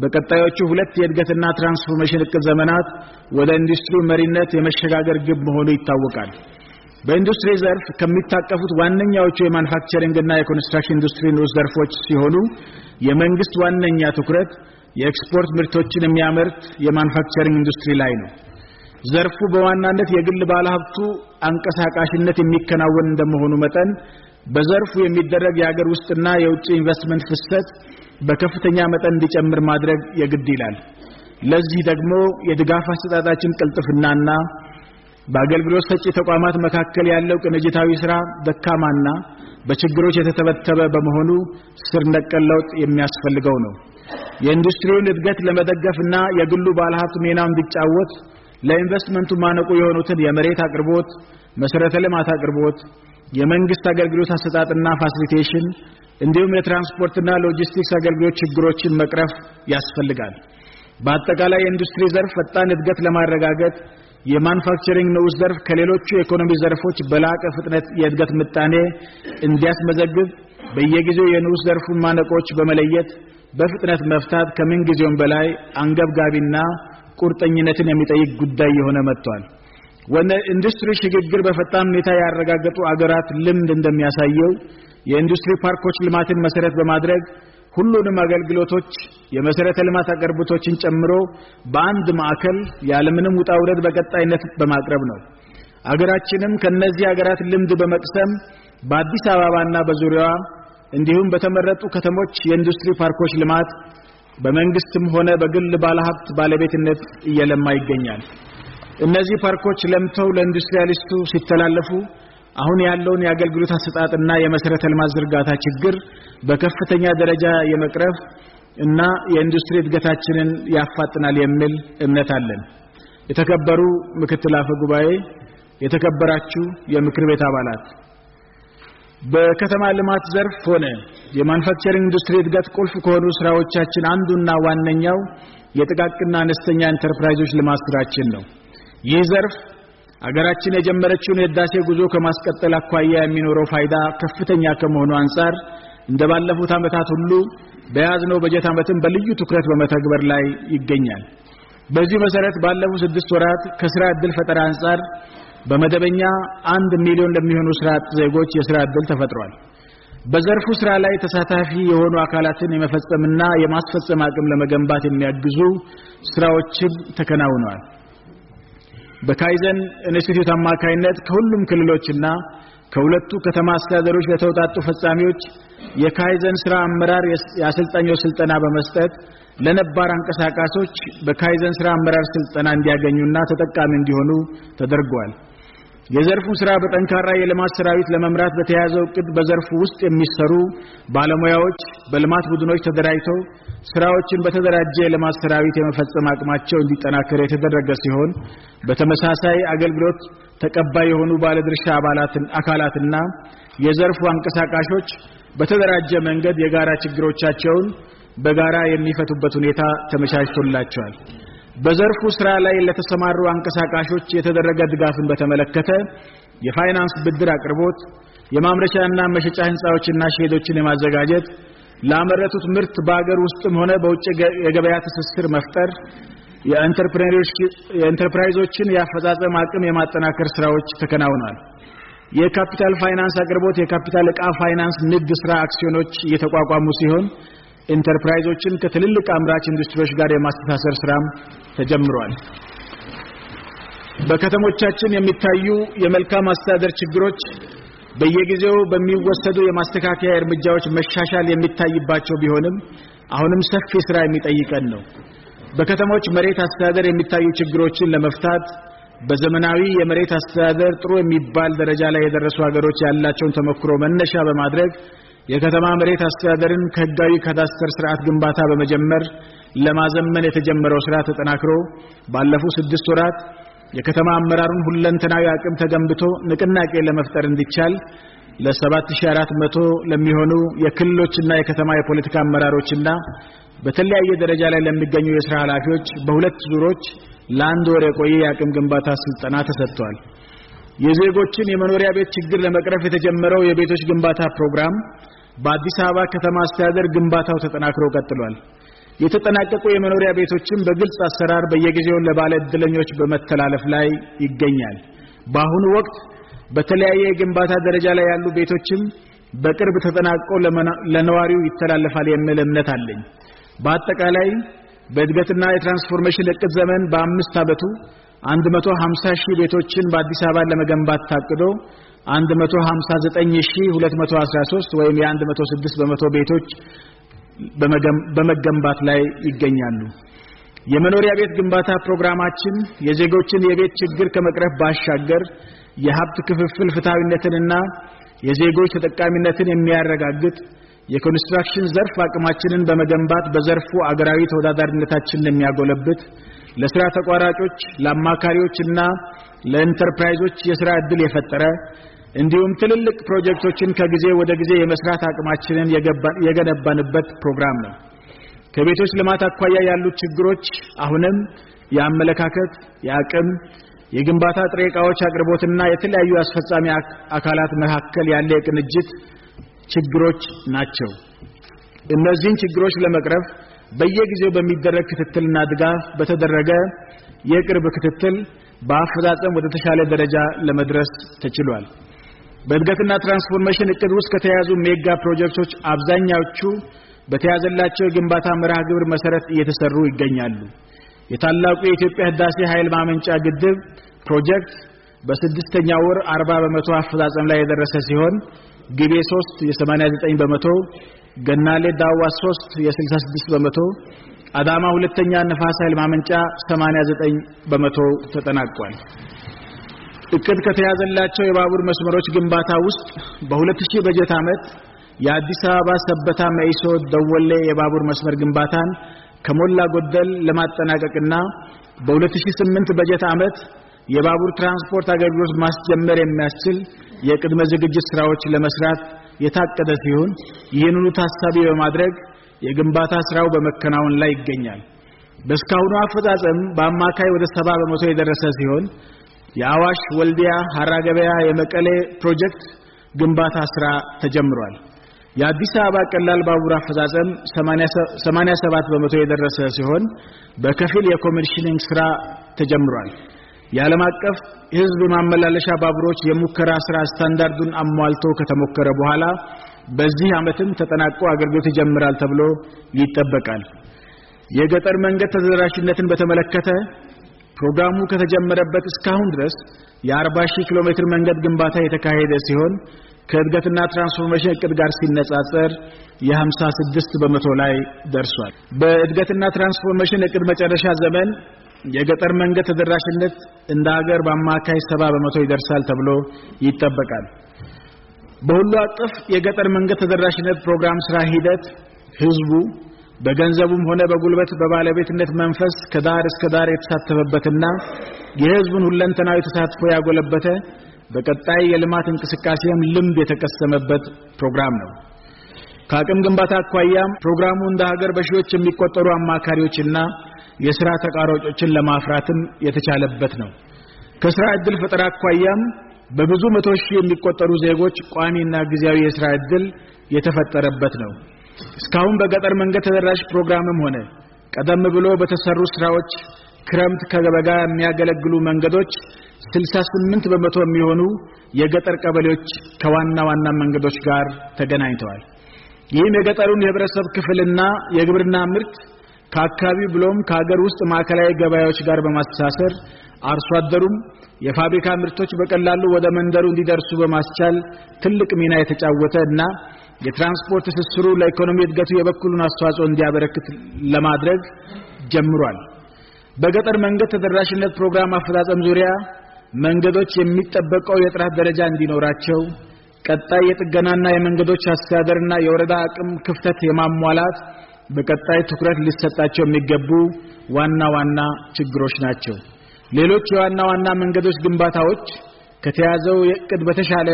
Speaker 1: በቀጣዮቹ ሁለት የእድገትና ትራንስፎርሜሽን እቅድ ዘመናት ወደ ኢንዱስትሪ መሪነት የመሸጋገር ግብ መሆኑ ይታወቃል። በኢንዱስትሪ ዘርፍ ከሚታቀፉት ዋነኛዎቹ የማኑፋክቸሪንግና የኮንስትራክሽን ኢንዱስትሪ ንዑስ ዘርፎች ሲሆኑ የመንግስት ዋነኛ ትኩረት የኤክስፖርት ምርቶችን የሚያመርት የማኑፋክቸሪንግ ኢንዱስትሪ ላይ ነው። ዘርፉ በዋናነት የግል ባለሀብቱ አንቀሳቃሽነት የሚከናወን እንደመሆኑ መጠን በዘርፉ የሚደረግ የሀገር ውስጥና የውጭ ኢንቨስትመንት ፍሰት በከፍተኛ መጠን እንዲጨምር ማድረግ የግድ ይላል። ለዚህ ደግሞ የድጋፍ አሰጣጣችን ቅልጥፍናና በአገልግሎት ሰጪ ተቋማት መካከል ያለው ቅንጅታዊ ስራ ደካማና በችግሮች የተተበተበ በመሆኑ ስር ነቀል ለውጥ የሚያስፈልገው ነው። የኢንዱስትሪውን እድገት ለመደገፍና የግሉ ባለሀብት ሚና ቢጫወት ለኢንቨስትመንቱ ማነቁ የሆኑትን የመሬት አቅርቦት፣ መሰረተ ልማት አቅርቦት፣ የመንግስት አገልግሎት አሰጣጥና ፋሲሊቴሽን እንዲሁም የትራንስፖርትና ሎጂስቲክስ አገልግሎት ችግሮችን መቅረፍ ያስፈልጋል። በአጠቃላይ የኢንዱስትሪ ዘርፍ ፈጣን እድገት ለማረጋገጥ የማኑፋክቸሪንግ ንዑስ ዘርፍ ከሌሎቹ የኢኮኖሚ ዘርፎች በላቀ ፍጥነት የእድገት ምጣኔ እንዲያስመዘግብ በየጊዜው የንዑስ ዘርፉን ማነቆች በመለየት በፍጥነት መፍታት ከምንጊዜውም በላይ አንገብጋቢና ቁርጠኝነትን የሚጠይቅ ጉዳይ የሆነ መጥቷል። ወነ ኢንዱስትሪ ሽግግር በፈጣን ሁኔታ ያረጋገጡ አገራት ልምድ እንደሚያሳየው የኢንዱስትሪ ፓርኮች ልማትን መሰረት በማድረግ ሁሉንም አገልግሎቶች የመሰረተ ልማት አቅርቦቶችን ጨምሮ በአንድ ማዕከል ያለምንም ውጣ ውረድ በቀጣይነት በማቅረብ ነው። አገራችንም ከነዚህ አገራት ልምድ በመቅሰም በአዲስ አበባና በዙሪያዋ እንዲሁም በተመረጡ ከተሞች የኢንዱስትሪ ፓርኮች ልማት በመንግስትም ሆነ በግል ባለሀብት ባለቤትነት እየለማ ይገኛል። እነዚህ ፓርኮች ለምተው ለኢንዱስትሪያሊስቱ ሲተላለፉ አሁን ያለውን የአገልግሎት አሰጣጥና የመሰረተ ልማት ዝርጋታ ችግር በከፍተኛ ደረጃ የመቅረፍ እና የኢንዱስትሪ እድገታችንን ያፋጥናል የሚል እምነት አለን። የተከበሩ ምክትል አፈ ጉባኤ፣ የተከበራችሁ የምክር ቤት አባላት በከተማ ልማት ዘርፍ ሆነ የማኑፋክቸሪንግ ኢንዱስትሪ እድገት ቁልፍ ከሆኑ ስራዎቻችን አንዱና ዋነኛው የጥቃቅና አነስተኛ ኢንተርፕራይዞች ልማት ስራችን ነው። ይህ ዘርፍ አገራችን የጀመረችውን የህዳሴ ጉዞ ከማስቀጠል አኳያ የሚኖረው ፋይዳ ከፍተኛ ከመሆኑ አንጻር እንደ ባለፉት ዓመታት ሁሉ በያዝነው በጀት ዓመትን በልዩ ትኩረት በመተግበር ላይ ይገኛል። በዚህ መሰረት ባለፉት ስድስት ወራት ከስራ ዕድል ፈጠራ አንጻር በመደበኛ አንድ ሚሊዮን ለሚሆኑ ስራ አጥ ዜጎች የስራ ዕድል ተፈጥሯል። በዘርፉ ስራ ላይ ተሳታፊ የሆኑ አካላትን የመፈጸምና የማስፈጸም አቅም ለመገንባት የሚያግዙ ስራዎችን ተከናውነዋል። በካይዘን ኢንስቲትዩት አማካይነት ከሁሉም ክልሎችና ከሁለቱ ከተማ አስተዳደሮች ለተውጣጡ ፈጻሚዎች የካይዘን ስራ አመራር የአሰልጣኞች ስልጠና በመስጠት ለነባር አንቀሳቃሶች በካይዘን ስራ አመራር ስልጠና እንዲያገኙና ተጠቃሚ እንዲሆኑ ተደርጓል። የዘርፉ ስራ በጠንካራ የልማት ሰራዊት ለመምራት በተያዘው እቅድ በዘርፉ ውስጥ የሚሰሩ ባለሙያዎች በልማት ቡድኖች ተደራጅተው ስራዎችን በተደራጀ የልማት ሰራዊት የመፈጸም አቅማቸው እንዲጠናከር የተደረገ ሲሆን በተመሳሳይ አገልግሎት ተቀባይ የሆኑ ባለድርሻ አባላትን አካላትና የዘርፉ አንቀሳቃሾች በተደራጀ መንገድ የጋራ ችግሮቻቸውን በጋራ የሚፈቱበት ሁኔታ ተመቻችቶላቸዋል። በዘርፉ ስራ ላይ ለተሰማሩ አንቀሳቃሾች የተደረገ ድጋፍን በተመለከተ የፋይናንስ ብድር አቅርቦት፣ የማምረቻና መሸጫ ህንጻዎችና ሼዶችን የማዘጋጀት ላመረቱት ምርት በአገር ውስጥም ሆነ በውጭ የገበያ ትስስር መፍጠር፣ የኢንተርፕራይዞችን የአፈጻጸም አቅም የማጠናከር ስራዎች ተከናውኗል። የካፒታል ፋይናንስ አቅርቦት፣ የካፒታል ዕቃ ፋይናንስ ንግድ ስራ አክሲዮኖች እየተቋቋሙ ሲሆን ኢንተርፕራይዞችን ከትልልቅ አምራች ኢንዱስትሪዎች ጋር የማስተሳሰር ስራም ተጀምሯል። በከተሞቻችን የሚታዩ የመልካም አስተዳደር ችግሮች በየጊዜው በሚወሰዱ የማስተካከያ እርምጃዎች መሻሻል የሚታይባቸው ቢሆንም አሁንም ሰፊ ስራ የሚጠይቀን ነው። በከተሞች መሬት አስተዳደር የሚታዩ ችግሮችን ለመፍታት በዘመናዊ የመሬት አስተዳደር ጥሩ የሚባል ደረጃ ላይ የደረሱ ሀገሮች ያላቸውን ተመክሮ መነሻ በማድረግ የከተማ መሬት አስተዳደርን ከህጋዊ ካዳስተር ስርዓት ግንባታ በመጀመር ለማዘመን የተጀመረው ስራ ተጠናክሮ ባለፉት ስድስት ወራት የከተማ አመራሩን ሁለንተናዊ አቅም ተገንብቶ ንቅናቄ ለመፍጠር እንዲቻል ለ7400 ለሚሆኑ የክልሎችና የከተማ የፖለቲካ አመራሮችና በተለያየ ደረጃ ላይ ለሚገኙ የስራ ኃላፊዎች በሁለት ዙሮች ለአንድ ወር የቆየ የአቅም ግንባታ ስልጠና ተሰጥቷል። የዜጎችን የመኖሪያ ቤት ችግር ለመቅረፍ የተጀመረው የቤቶች ግንባታ ፕሮግራም በአዲስ አበባ ከተማ አስተዳደር ግንባታው ተጠናክሮ ቀጥሏል። የተጠናቀቁ የመኖሪያ ቤቶችን በግልጽ አሰራር በየጊዜው ለባለ እድለኞች በመተላለፍ ላይ ይገኛል። በአሁኑ ወቅት በተለያየ የግንባታ ደረጃ ላይ ያሉ ቤቶችም በቅርብ ተጠናቆ ለነዋሪው ይተላለፋል የሚል እምነት አለኝ። በአጠቃላይ በእድገትና የትራንስፎርሜሽን እቅድ ዘመን በአምስት ዓመቱ 150 ሺህ ቤቶችን በአዲስ አበባ ለመገንባት ታቅዶ 159213 ወይም የ106 በመቶ ቤቶች በመገንባት ላይ ይገኛሉ። የመኖሪያ ቤት ግንባታ ፕሮግራማችን የዜጎችን የቤት ችግር ከመቅረፍ ባሻገር የሀብት ክፍፍል ፍትሐዊነትንና የዜጎች ተጠቃሚነትን የሚያረጋግጥ የኮንስትራክሽን ዘርፍ አቅማችንን በመገንባት በዘርፉ አገራዊ ተወዳዳሪነታችንን የሚያጎለብት ለስራ ተቋራጮች፣ ለአማካሪዎች እና ለኢንተርፕራይዞች የስራ እድል የፈጠረ እንዲሁም ትልልቅ ፕሮጀክቶችን ከጊዜ ወደ ጊዜ የመስራት አቅማችንን የገነባንበት ፕሮግራም ነው። ከቤቶች ልማት አኳያ ያሉ ችግሮች አሁንም የአመለካከት፣ የአቅም፣ የግንባታ ጥሬ ዕቃዎች አቅርቦትና የተለያዩ አስፈጻሚ አካላት መካከል ያለ የቅንጅት ችግሮች ናቸው። እነዚህን ችግሮች ለመቅረፍ በየጊዜው በሚደረግ ክትትልና ድጋፍ በተደረገ የቅርብ ክትትል በአፈጻጸም ወደ ተሻለ ደረጃ ለመድረስ ተችሏል። በእድገትና ትራንስፎርሜሽን እቅድ ውስጥ ከተያዙ ሜጋ ፕሮጀክቶች አብዛኛዎቹ በተያዘላቸው የግንባታ መርሃ ግብር መሰረት እየተሰሩ ይገኛሉ። የታላቁ የኢትዮጵያ ህዳሴ ኃይል ማመንጫ ግድብ ፕሮጀክት በስድስተኛ ወር 40 በመቶ አፈጻጸም ላይ የደረሰ ሲሆን ግቤ 3 የ89 በመቶ ገናሌ ዳዋ 3 የ66 በመቶ አዳማ ሁለተኛ ነፋስ ኃይል ማመንጫ 89 በመቶ ተጠናቋል። እቅድ ከተያዘላቸው የባቡር መስመሮች ግንባታ ውስጥ በ2000 በጀት ዓመት የአዲስ አበባ ሰበታ መኢሶ ደወሌ የባቡር መስመር ግንባታን ከሞላ ጎደል ለማጠናቀቅና በ2008 በጀት ዓመት የባቡር ትራንስፖርት አገልግሎት ማስጀመር የሚያስችል የቅድመ ዝግጅት ስራዎች ለመስራት የታቀደ ሲሆን ይህንኑ ታሳቢ በማድረግ የግንባታ ስራው በመከናወን ላይ ይገኛል። በእስካሁኑ አፈጻጸም በአማካይ ወደ ሰባ በመቶ የደረሰ ሲሆን የአዋሽ ወልዲያ፣ ሀራ ገበያ፣ የመቀሌ ፕሮጀክት ግንባታ ስራ ተጀምሯል። የአዲስ አበባ ቀላል ባቡር አፈጻጸም 87 በመቶ የደረሰ ሲሆን በከፊል የኮሚሽኒንግ ስራ ተጀምሯል። የዓለም አቀፍ የህዝብ ማመላለሻ ባቡሮች የሙከራ ስራ ስታንዳርዱን አሟልቶ ከተሞከረ በኋላ በዚህ ዓመትም ተጠናቆ አገልግሎት ይጀምራል ተብሎ ይጠበቃል። የገጠር መንገድ ተደራሽነትን በተመለከተ ፕሮግራሙ ከተጀመረበት እስካሁን ድረስ የ40 ሺህ ኪሎ ሜትር መንገድ ግንባታ የተካሄደ ሲሆን ከእድገትና ትራንስፎርሜሽን እቅድ ጋር ሲነጻጸር የ56 በመቶ ላይ ደርሷል። በእድገትና ትራንስፎርሜሽን እቅድ መጨረሻ ዘመን የገጠር መንገድ ተደራሽነት እንደ ሀገር በአማካይ ሰባ በመቶ ይደርሳል ተብሎ ይጠበቃል። በሁሉ አቀፍ የገጠር መንገድ ተደራሽነት ፕሮግራም ስራ ሂደት ህዝቡ በገንዘቡም ሆነ በጉልበት በባለቤትነት መንፈስ ከዳር እስከ ዳር የተሳተፈበትና የህዝቡን ሁለንተናዊ ተሳትፎ ያጎለበተ በቀጣይ የልማት እንቅስቃሴም ልምድ የተቀሰመበት ፕሮግራም ነው። ከአቅም ግንባታ አኳያም ፕሮግራሙ እንደ ሀገር በሺዎች የሚቆጠሩ አማካሪዎችና የስራ ተቋራጮችን ለማፍራትም የተቻለበት ነው። ከስራ እድል ፈጠራ አኳያም በብዙ መቶ ሺህ የሚቆጠሩ ዜጎች ቋሚና ጊዜያዊ የስራ እድል የተፈጠረበት ነው። እስካሁን በገጠር መንገድ ተደራሽ ፕሮግራምም ሆነ ቀደም ብሎ በተሰሩ ስራዎች ክረምት ከበጋ የሚያገለግሉ መንገዶች 68 በመቶ የሚሆኑ የገጠር ቀበሌዎች ከዋና ዋና መንገዶች ጋር ተገናኝተዋል። ይህም የገጠሩን የህብረተሰብ ክፍልና የግብርና ምርት ከአካባቢ ብሎም ከሀገር ውስጥ ማዕከላዊ ገበያዎች ጋር በማስተሳሰር አርሶ አደሩም የፋብሪካ ምርቶች በቀላሉ ወደ መንደሩ እንዲደርሱ በማስቻል ትልቅ ሚና የተጫወተ እና የትራንስፖርት ትስስሩ ለኢኮኖሚ እድገቱ የበኩሉን አስተዋጽኦ እንዲያበረክት ለማድረግ ጀምሯል። በገጠር መንገድ ተደራሽነት ፕሮግራም አፈጻጸም ዙሪያ መንገዶች የሚጠበቀው የጥራት ደረጃ እንዲኖራቸው ቀጣይ የጥገናና የመንገዶች አስተዳደርና የወረዳ አቅም ክፍተት የማሟላት በቀጣይ ትኩረት ሊሰጣቸው የሚገቡ ዋና ዋና ችግሮች ናቸው። ሌሎች የዋና ዋና መንገዶች ግንባታዎች ከተያዘው የእቅድ በተሻለ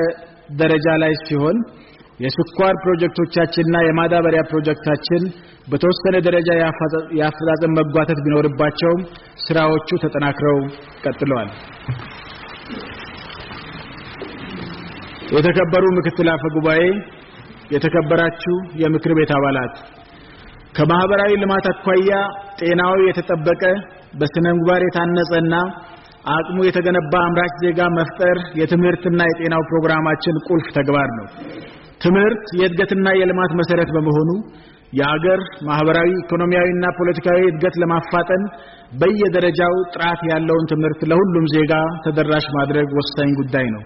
Speaker 1: ደረጃ ላይ ሲሆን የስኳር ፕሮጀክቶቻችንና የማዳበሪያ ፕሮጀክታችን በተወሰነ ደረጃ የአፈጻጸም መጓተት ቢኖርባቸውም ስራዎቹ ተጠናክረው ቀጥለዋል። የተከበሩ ምክትል አፈ ጉባኤ፣ የተከበራችሁ የምክር ቤት አባላት ከማህበራዊ ልማት አኳያ ጤናው የተጠበቀ በስነ ምግባር የታነጸና አቅሙ የተገነባ አምራች ዜጋ መፍጠር የትምህርትና የጤናው ፕሮግራማችን ቁልፍ ተግባር ነው። ትምህርት የእድገትና የልማት መሰረት በመሆኑ የአገር ማህበራዊ፣ ኢኮኖሚያዊና ፖለቲካዊ እድገት ለማፋጠን በየደረጃው ጥራት ያለውን ትምህርት ለሁሉም ዜጋ ተደራሽ ማድረግ ወሳኝ ጉዳይ ነው።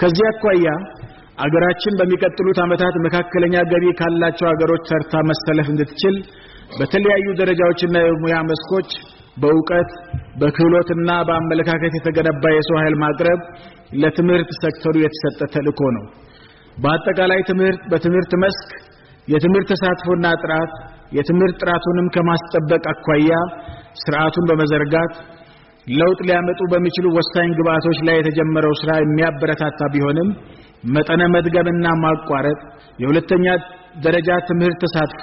Speaker 1: ከዚህ አኳያ አገራችን በሚቀጥሉት ዓመታት መካከለኛ ገቢ ካላቸው አገሮች ተርታ መሰለፍ እንድትችል በተለያዩ ደረጃዎችና የሙያ መስኮች በእውቀት በክህሎትና በአመለካከት የተገነባ የሰው ኃይል ማቅረብ ለትምህርት ሴክተሩ የተሰጠ ተልእኮ ነው። በአጠቃላይ ትምህርት በትምህርት መስክ የትምህርት ተሳትፎና ጥራት የትምህርት ጥራቱንም ከማስጠበቅ አኳያ ስርዓቱን በመዘርጋት ለውጥ ሊያመጡ በሚችሉ ወሳኝ ግብዓቶች ላይ የተጀመረው ስራ የሚያበረታታ ቢሆንም መጠነ መድገብና ማቋረጥ፣ የሁለተኛ ደረጃ ትምህርት ተሳትፎ፣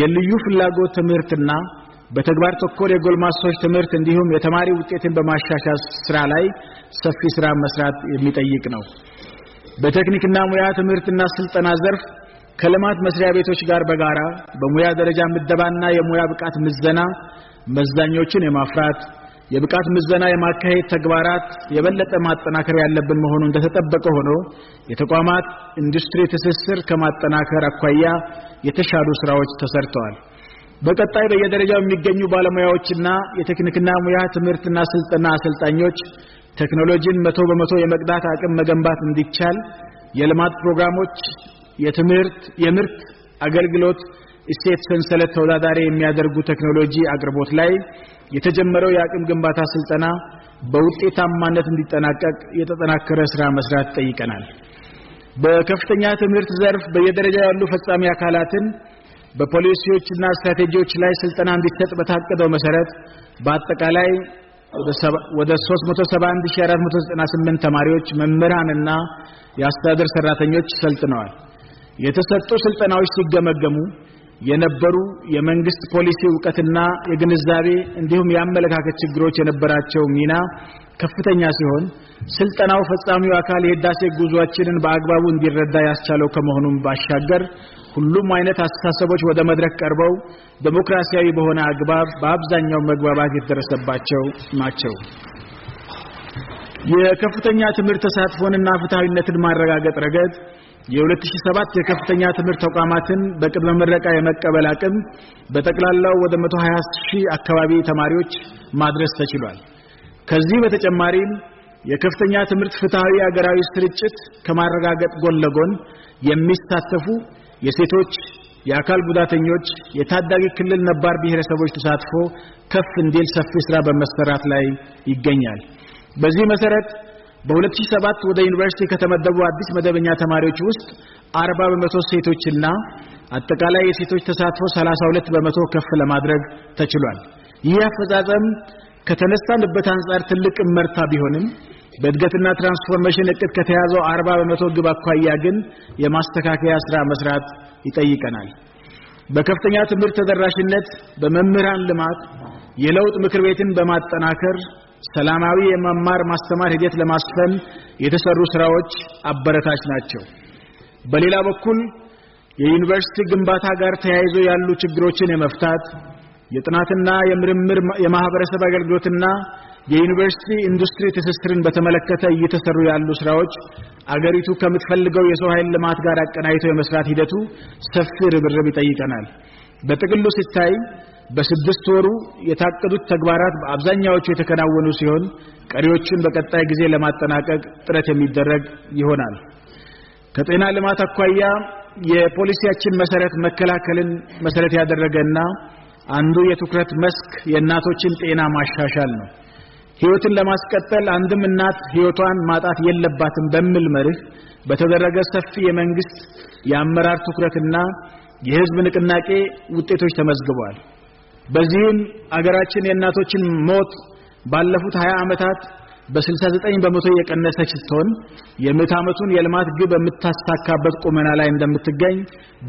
Speaker 1: የልዩ ፍላጎት ትምህርትና በተግባር ተኮር የጎልማሶች ትምህርት እንዲሁም የተማሪ ውጤትን በማሻሻል ስራ ላይ ሰፊ ስራ መስራት የሚጠይቅ ነው። በቴክኒክና ሙያ ትምህርትና ስልጠና ዘርፍ ከልማት መስሪያ ቤቶች ጋር በጋራ በሙያ ደረጃ ምደባና የሙያ ብቃት ምዘና መዛኞችን የማፍራት የብቃት ምዘና የማካሄድ ተግባራት የበለጠ ማጠናከር ያለብን መሆኑ እንደተጠበቀ ሆኖ የተቋማት ኢንዱስትሪ ትስስር ከማጠናከር አኳያ የተሻሉ ስራዎች ተሰርተዋል። በቀጣይ በየደረጃው የሚገኙ ባለሙያዎችና የቴክኒክና ሙያ ትምህርትና ስልጠና አሰልጣኞች ቴክኖሎጂን መቶ በመቶ የመቅዳት አቅም መገንባት እንዲቻል የልማት ፕሮግራሞች የትምህርት የምርት አገልግሎት እሴት ሰንሰለት ተወዳዳሪ የሚያደርጉ ቴክኖሎጂ አቅርቦት ላይ የተጀመረው የአቅም ግንባታ ስልጠና በውጤታማነት እንዲጠናቀቅ የተጠናከረ ስራ መስራት ጠይቀናል። በከፍተኛ ትምህርት ዘርፍ በየደረጃ ያሉ ፈጻሚ አካላትን በፖሊሲዎችና ስትራቴጂዎች ላይ ስልጠና እንዲሰጥ በታቀደው መሰረት በአጠቃላይ ወደ 371498 ተማሪዎች መምህራንና የአስተዳደር ሰራተኞች ሰልጥነዋል። የተሰጡ ስልጠናዎች ሲገመገሙ የነበሩ የመንግስት ፖሊሲ እውቀትና የግንዛቤ እንዲሁም የአመለካከት ችግሮች የነበራቸው ሚና ከፍተኛ ሲሆን ስልጠናው ፈጻሚው አካል የህዳሴ ጉዟችንን በአግባቡ እንዲረዳ ያስቻለው ከመሆኑም ባሻገር ሁሉም አይነት አስተሳሰቦች ወደ መድረክ ቀርበው ዴሞክራሲያዊ በሆነ አግባብ በአብዛኛው መግባባት የተደረሰባቸው ናቸው። የከፍተኛ ትምህርት ተሳትፎንና ፍትሐዊነትን ማረጋገጥ ረገድ የ2007 የከፍተኛ ትምህርት ተቋማትን በቅድመ ምረቃ የመቀበል አቅም በጠቅላላው ወደ 120 አካባቢ ተማሪዎች ማድረስ ተችሏል። ከዚህ በተጨማሪም የከፍተኛ ትምህርት ፍትሃዊ አገራዊ ስርጭት ከማረጋገጥ ጎን ለጎን የሚሳተፉ የሴቶች፣ የአካል ጉዳተኞች፣ የታዳጊ ክልል ነባር ብሔረሰቦች ተሳትፎ ከፍ እንዲል ሰፊ ስራ በመሰራት ላይ ይገኛል። በዚህ መሰረት በ2007 ወደ ዩኒቨርሲቲ ከተመደቡ አዲስ መደበኛ ተማሪዎች ውስጥ 40 በመቶ ሴቶችና አጠቃላይ የሴቶች ተሳትፎ 32 በመቶ ከፍ ለማድረግ ተችሏል። ይህ አፈጻጸም ከተነሳንበት አንጻር ትልቅ እመርታ ቢሆንም በእድገትና ትራንስፎርሜሽን እቅድ ከተያዘው 40 በመቶ ግብ አኳያ ግን የማስተካከያ ስራ መስራት ይጠይቀናል። በከፍተኛ ትምህርት ተደራሽነት፣ በመምህራን ልማት፣ የለውጥ ምክር ቤትን በማጠናከር ሰላማዊ የመማር ማስተማር ሂደት ለማስፈን የተሰሩ ስራዎች አበረታች ናቸው። በሌላ በኩል የዩኒቨርሲቲ ግንባታ ጋር ተያይዞ ያሉ ችግሮችን የመፍታት የጥናትና የምርምር የማህበረሰብ አገልግሎትና የዩኒቨርሲቲ ኢንዱስትሪ ትስስርን በተመለከተ እየተሰሩ ያሉ ስራዎች አገሪቱ ከምትፈልገው የሰው ኃይል ልማት ጋር አቀናጅቶ የመስራት ሂደቱ ሰፊ ርብርብ ይጠይቀናል። በጥቅሉ ሲታይ በስድስት ወሩ የታቀዱት ተግባራት በአብዛኛዎቹ የተከናወኑ ሲሆን ቀሪዎቹን በቀጣይ ጊዜ ለማጠናቀቅ ጥረት የሚደረግ ይሆናል። ከጤና ልማት አኳያ የፖሊሲያችን መሰረት መከላከልን መሰረት ያደረገና አንዱ የትኩረት መስክ የእናቶችን ጤና ማሻሻል ነው። ህይወትን ለማስቀጠል አንድም እናት ህይወቷን ማጣት የለባትም በሚል መርህ በተደረገ ሰፊ የመንግስት የአመራር ትኩረትና የህዝብ ንቅናቄ ውጤቶች ተመዝግበዋል። በዚህም አገራችን የእናቶችን ሞት ባለፉት 20 ዓመታት በ69 በመቶ የቀነሰች ስትሆን የመት ዓመቱን የልማት ግብ በምታሳካበት ቁመና ላይ እንደምትገኝ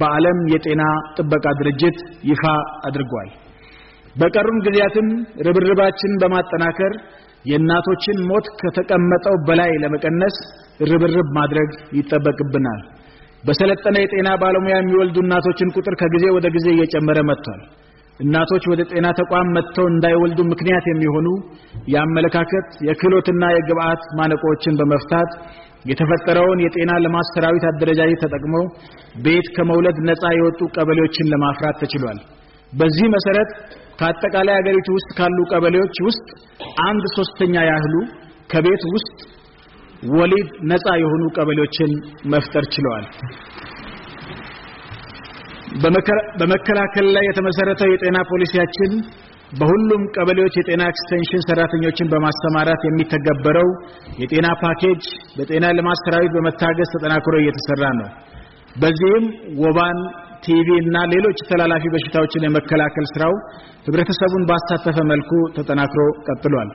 Speaker 1: በዓለም የጤና ጥበቃ ድርጅት ይፋ አድርጓል። በቀሩን ጊዜያትም ርብርባችን በማጠናከር የእናቶችን ሞት ከተቀመጠው በላይ ለመቀነስ ርብርብ ማድረግ ይጠበቅብናል። በሰለጠነ የጤና ባለሙያ የሚወልዱ እናቶችን ቁጥር ከጊዜ ወደ ጊዜ እየጨመረ መጥቷል። እናቶች ወደ ጤና ተቋም መጥተው እንዳይወልዱ ምክንያት የሚሆኑ የአመለካከት የክህሎትና የግብአት ማነቆዎችን በመፍታት የተፈጠረውን የጤና ልማት ሰራዊት አደረጃጀት ተጠቅሞ ቤት ከመውለድ ነፃ የወጡ ቀበሌዎችን ለማፍራት ተችሏል። በዚህ መሰረት ከአጠቃላይ አገሪቱ ውስጥ ካሉ ቀበሌዎች ውስጥ አንድ ሶስተኛ ያህሉ ከቤት ውስጥ ወሊድ ነፃ የሆኑ ቀበሌዎችን መፍጠር ችለዋል። በመከላከል ላይ የተመሰረተው የጤና ፖሊሲያችን በሁሉም ቀበሌዎች የጤና ኤክስቴንሽን ሰራተኞችን በማስተማራት የሚተገበረው የጤና ፓኬጅ በጤና ልማት ሰራዊት በመታገዝ ተጠናክሮ እየተሰራ ነው። በዚህም ወባን፣ ቲቪ እና ሌሎች ተላላፊ በሽታዎችን የመከላከል ስራው ህብረተሰቡን ባሳተፈ መልኩ ተጠናክሮ ቀጥሏል።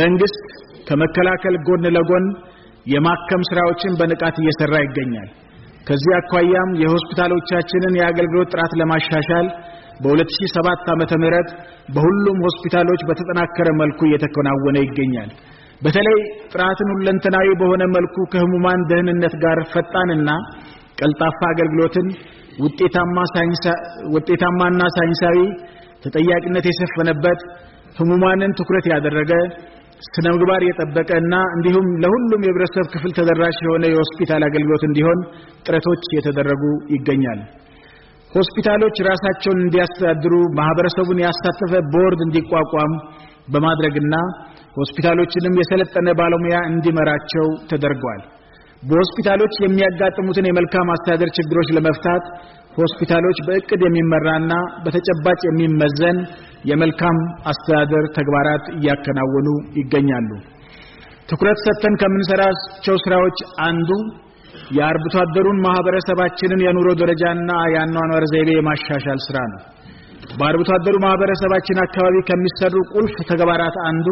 Speaker 1: መንግስት ከመከላከል ጎን ለጎን የማከም ስራዎችን በንቃት እየሰራ ይገኛል። ከዚህ አኳያም የሆስፒታሎቻችንን የአገልግሎት ጥራት ለማሻሻል በ2007 ዓመተ ምህረት በሁሉም ሆስፒታሎች በተጠናከረ መልኩ እየተከናወነ ይገኛል። በተለይ ጥራትን ሁለንተናዊ በሆነ መልኩ ከህሙማን ደህንነት ጋር ፈጣንና ቀልጣፋ አገልግሎትን ውጤታማና ሳይንሳዊ ተጠያቂነት የሰፈነበት ህሙማንን ትኩረት ያደረገ ስነ ምግባር የጠበቀ እና እንዲሁም ለሁሉም የህብረተሰብ ክፍል ተደራሽ የሆነ የሆስፒታል አገልግሎት እንዲሆን ጥረቶች እየተደረጉ ይገኛል። ሆስፒታሎች ራሳቸውን እንዲያስተዳድሩ ማህበረሰቡን ያሳተፈ ቦርድ እንዲቋቋም በማድረግና ሆስፒታሎችንም የሰለጠነ ባለሙያ እንዲመራቸው ተደርጓል። በሆስፒታሎች የሚያጋጥሙትን የመልካም አስተዳደር ችግሮች ለመፍታት ሆስፒታሎች በእቅድ የሚመራና በተጨባጭ የሚመዘን የመልካም አስተዳደር ተግባራት እያከናወኑ ይገኛሉ። ትኩረት ሰጥተን ከምንሰራቸው ስራዎች አንዱ የአርብቶ አደሩን ማህበረሰባችንን የኑሮ ደረጃና የአኗኗር ዘይቤ የማሻሻል ስራ ነው። በአርብቶ አደሩ ማህበረሰባችን አካባቢ ከሚሰሩ ቁልፍ ተግባራት አንዱ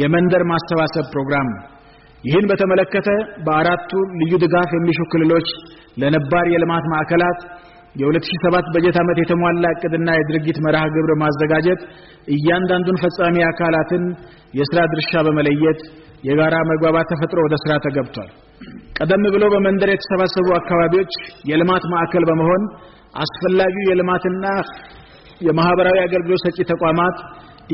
Speaker 1: የመንደር ማሰባሰብ ፕሮግራም ነው። ይህን በተመለከተ በአራቱ ልዩ ድጋፍ የሚሹ ክልሎች ለነባር የልማት ማዕከላት የ2007 በጀት ዓመት የተሟላ እቅድና የድርጊት መርሃ ግብር ማዘጋጀት እያንዳንዱን ፈጻሚ አካላትን የስራ ድርሻ በመለየት የጋራ መግባባት ተፈጥሮ ወደ ስራ ተገብቷል። ቀደም ብሎ በመንደር የተሰባሰቡ አካባቢዎች የልማት ማዕከል በመሆን አስፈላጊው የልማትና የማህበራዊ አገልግሎት ሰጪ ተቋማት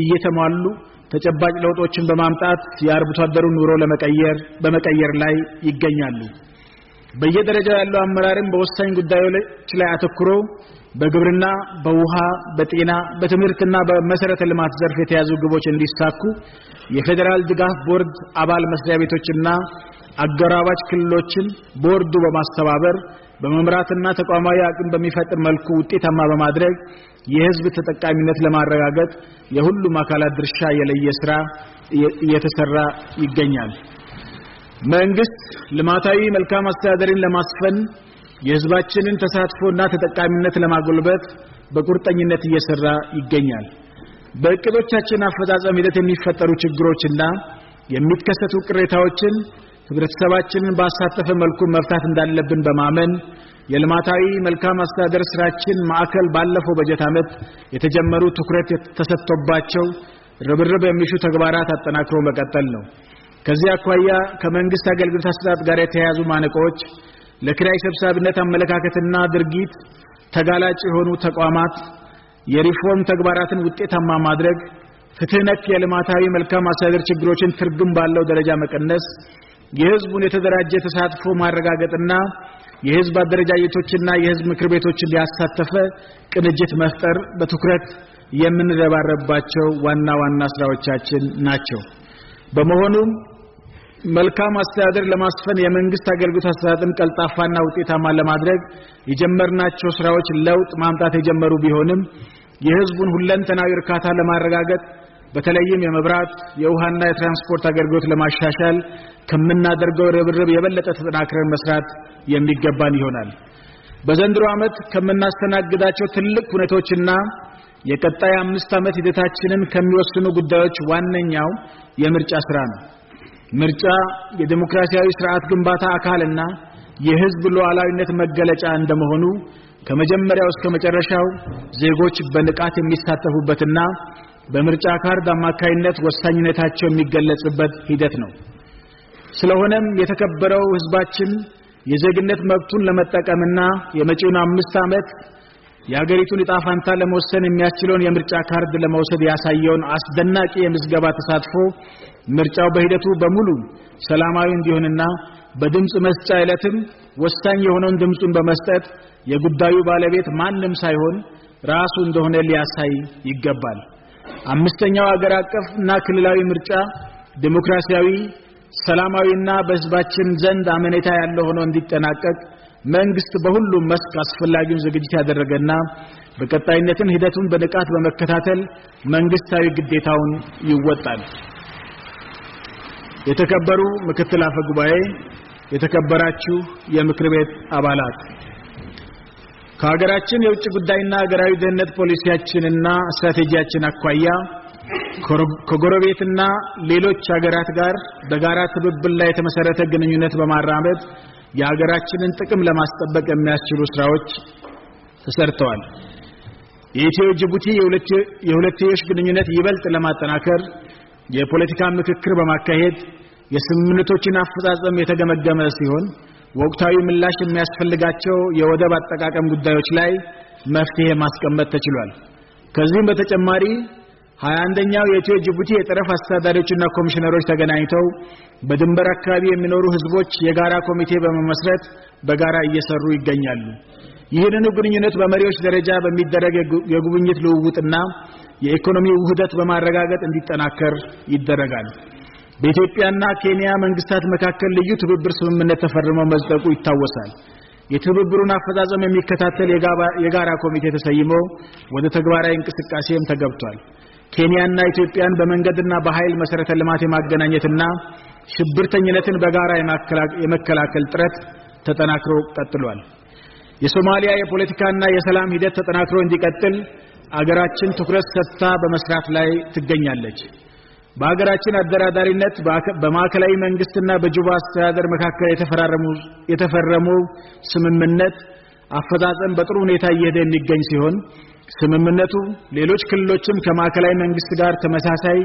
Speaker 1: እየተሟሉ ተጨባጭ ለውጦችን በማምጣት የአርብቶ አደሩን ኑሮ ለመቀየር በመቀየር ላይ ይገኛሉ። በየደረጃው ያለው አመራርም በወሳኝ ጉዳዮች ላይ አተኩሮ በግብርና፣ በውሃ፣ በጤና፣ በትምህርትና በመሰረተ ልማት ዘርፍ የተያዙ ግቦች እንዲሳኩ የፌዴራል ድጋፍ ቦርድ አባል መስሪያ ቤቶችና አጎራባች ክልሎችን ቦርዱ በማስተባበር በመምራትና ተቋማዊ አቅም በሚፈጥር መልኩ ውጤታማ በማድረግ የህዝብ ተጠቃሚነት ለማረጋገጥ የሁሉም አካላት ድርሻ የለየ ስራ እየተሰራ ይገኛል። መንግስት ልማታዊ መልካም አስተዳደርን ለማስፈን የህዝባችንን ተሳትፎና ተጠቃሚነት ለማጎልበት በቁርጠኝነት እየሰራ ይገኛል። በእቅዶቻችን አፈጻጸም ሂደት የሚፈጠሩ ችግሮችና የሚከሰቱ ቅሬታዎችን ህብረተሰባችንን ባሳተፈ መልኩ መፍታት እንዳለብን በማመን የልማታዊ መልካም አስተዳደር ስራችን ማዕከል ባለፈው በጀት ዓመት የተጀመሩ ትኩረት ተሰጥቶባቸው ርብርብ የሚሹ ተግባራት አጠናክሮ መቀጠል ነው። ከዚህ አኳያ ከመንግስት አገልግሎት አሰጣጥ ጋር የተያያዙ ማነቆች ለክራይ ሰብሳቢነት አመለካከትና ድርጊት ተጋላጭ የሆኑ ተቋማት የሪፎርም ተግባራትን ውጤታማ ማድረግ፣ ፍትህ የልማታዊ መልካም አስተዳደር ችግሮችን ትርጉም ባለው ደረጃ መቀነስ፣ የህዝቡን የተደራጀ ተሳትፎ ማረጋገጥና የህዝብ አደረጃጀቶችና የህዝብ ምክር ቤቶችን ያሳተፈ ቅንጅት መፍጠር በትኩረት የምንረባረባቸው ዋና ዋና ስራዎቻችን ናቸው። በመሆኑም መልካም አስተዳደር ለማስፈን የመንግስት አገልግሎት አሰጣጥን ቀልጣፋና ውጤታማ ለማድረግ የጀመርናቸው ስራዎች ለውጥ ማምጣት የጀመሩ ቢሆንም የህዝቡን ሁለንተናዊ እርካታ ለማረጋገጥ በተለይም የመብራት የውሃና የትራንስፖርት አገልግሎት ለማሻሻል ከምናደርገው ርብርብ የበለጠ ተጠናክረን መስራት የሚገባን ይሆናል። በዘንድሮ ዓመት ከምናስተናግዳቸው ትልቅ ሁነቶችና የቀጣይ አምስት ዓመት ሂደታችንን ከሚወስኑ ጉዳዮች ዋነኛው የምርጫ ስራ ነው። ምርጫ የዲሞክራሲያዊ ስርዓት ግንባታ አካልና የህዝብ ሉዓላዊነት መገለጫ እንደመሆኑ ከመጀመሪያው እስከ መጨረሻው ዜጎች በንቃት የሚሳተፉበትና በምርጫ ካርድ አማካይነት ወሳኝነታቸው የሚገለጽበት ሂደት ነው። ስለሆነም የተከበረው ህዝባችን የዜግነት መብቱን ለመጠቀምና የመጪውን አምስት ዓመት የሀገሪቱን ዕጣ ለመወሰን የሚያስችለውን የምርጫ ካርድ ለመውሰድ ያሳየውን አስደናቂ የምዝገባ ተሳትፎ ምርጫው በሂደቱ በሙሉ ሰላማዊ እንዲሆንና በድምፅ መስጫ ዕለትም ወሳኝ የሆነውን ድምፁን በመስጠት የጉዳዩ ባለቤት ማንም ሳይሆን ራሱ እንደሆነ ሊያሳይ ይገባል። አምስተኛው አገር አቀፍና ክልላዊ ምርጫ ዲሞክራሲያዊ፣ ሰላማዊና በህዝባችን ዘንድ አመኔታ ያለው ሆኖ እንዲጠናቀቅ መንግስት በሁሉም መስክ አስፈላጊውን ዝግጅት ያደረገና በቀጣይነትም ሂደቱን በንቃት በመከታተል መንግስታዊ ግዴታውን ይወጣል። የተከበሩ ምክትል አፈ ጉባኤ፣ የተከበራችሁ የምክር ቤት አባላት ከሀገራችን የውጭ ጉዳይና ሀገራዊ ደህንነት ፖሊሲያችንና ስትራቴጂያችን አኳያ ከጎረቤትና ሌሎች ሀገራት ጋር በጋራ ትብብር ላይ የተመሰረተ ግንኙነት በማራመድ የሀገራችንን ጥቅም ለማስጠበቅ የሚያስችሉ ስራዎች ተሰርተዋል። የኢትዮ ጅቡቲ የሁለትዮሽ ግንኙነት ይበልጥ ለማጠናከር የፖለቲካ ምክክር በማካሄድ የስምምነቶችን አፈጻጸም የተገመገመ ሲሆን ወቅታዊ ምላሽ የሚያስፈልጋቸው የወደብ አጠቃቀም ጉዳዮች ላይ መፍትሄ ማስቀመጥ ተችሏል። ከዚህም በተጨማሪ 21 ኛው የኢትዮ ጅቡቲ የጠረፍ አስተዳዳሪዎችና ኮሚሽነሮች ተገናኝተው በድንበር አካባቢ የሚኖሩ ህዝቦች የጋራ ኮሚቴ በመመስረት በጋራ እየሰሩ ይገኛሉ። ይህንኑ ግንኙነት በመሪዎች ደረጃ በሚደረግ የጉብኝት ልውውጥና የኢኮኖሚ ውህደት በማረጋገጥ እንዲጠናከር ይደረጋል። በኢትዮጵያና ኬንያ መንግስታት መካከል ልዩ ትብብር ስምምነት ተፈርሞ መጽደቁ ይታወሳል። የትብብሩን አፈጻጸም የሚከታተል የጋራ ኮሚቴ ተሰይሞ ወደ ተግባራዊ እንቅስቃሴም ተገብቷል። ኬንያና ኢትዮጵያን በመንገድና በኃይል መሰረተ ልማት የማገናኘትና ሽብርተኝነትን በጋራ የመከላከል ጥረት ተጠናክሮ ቀጥሏል። የሶማሊያ የፖለቲካና የሰላም ሂደት ተጠናክሮ እንዲቀጥል አገራችን ትኩረት ሰጥታ በመስራት ላይ ትገኛለች። በሀገራችን አደራዳሪነት በማዕከላዊ መንግስትና በጁባ አስተዳደር መካከል የተፈረሙ ስምምነት አፈጻጸም በጥሩ ሁኔታ እየሄደ የሚገኝ ሲሆን ስምምነቱ ሌሎች ክልሎችም ከማዕከላዊ መንግስት ጋር ተመሳሳይ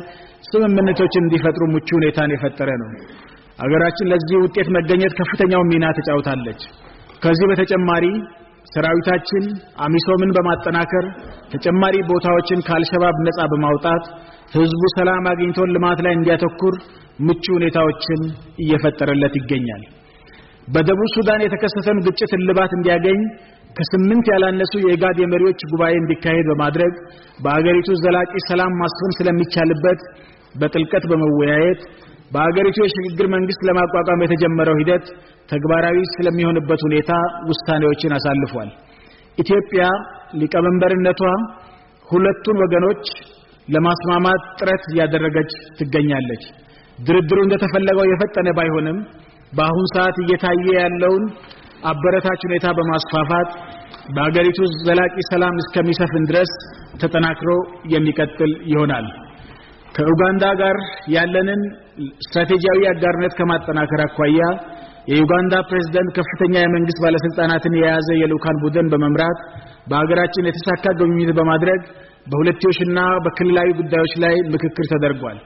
Speaker 1: ስምምነቶችን እንዲፈጥሩ ምቹ ሁኔታን የፈጠረ ነው። አገራችን ለዚህ ውጤት መገኘት ከፍተኛው ሚና ተጫውታለች። ከዚህ በተጨማሪ ሰራዊታችን አሚሶምን በማጠናከር ተጨማሪ ቦታዎችን ከአልሸባብ ነጻ በማውጣት ህዝቡ ሰላም አግኝቶ ልማት ላይ እንዲያተኩር ምቹ ሁኔታዎችን እየፈጠረለት ይገኛል። በደቡብ ሱዳን የተከሰተን ግጭት እልባት እንዲያገኝ ከስምንት ያላነሱ የኢጋድ የመሪዎች ጉባኤ እንዲካሄድ በማድረግ በአገሪቱ ዘላቂ ሰላም ማስፈን ስለሚቻልበት በጥልቀት በመወያየት በአገሪቱ የሽግግር መንግስት ለማቋቋም የተጀመረው ሂደት ተግባራዊ ስለሚሆንበት ሁኔታ ውሳኔዎችን አሳልፏል። ኢትዮጵያ ሊቀመንበርነቷ ሁለቱን ወገኖች ለማስማማት ጥረት እያደረገች ትገኛለች። ድርድሩ እንደተፈለገው የፈጠነ ባይሆንም በአሁን ሰዓት እየታየ ያለውን አበረታች ሁኔታ በማስፋፋት በአገሪቱ ዘላቂ ሰላም እስከሚሰፍን ድረስ ተጠናክሮ የሚቀጥል ይሆናል። ከኡጋንዳ ጋር ያለንን ስትራቴጂያዊ አጋርነት ከማጠናከር አኳያ የዩጋንዳ ፕሬዝዳንት ከፍተኛ የመንግስት ባለስልጣናትን የያዘ የልዑካን ቡድን በመምራት በሀገራችን የተሳካ ግንኙነት በማድረግ በሁለትዮሽና በክልላዊ ጉዳዮች ላይ ምክክር ተደርጓል።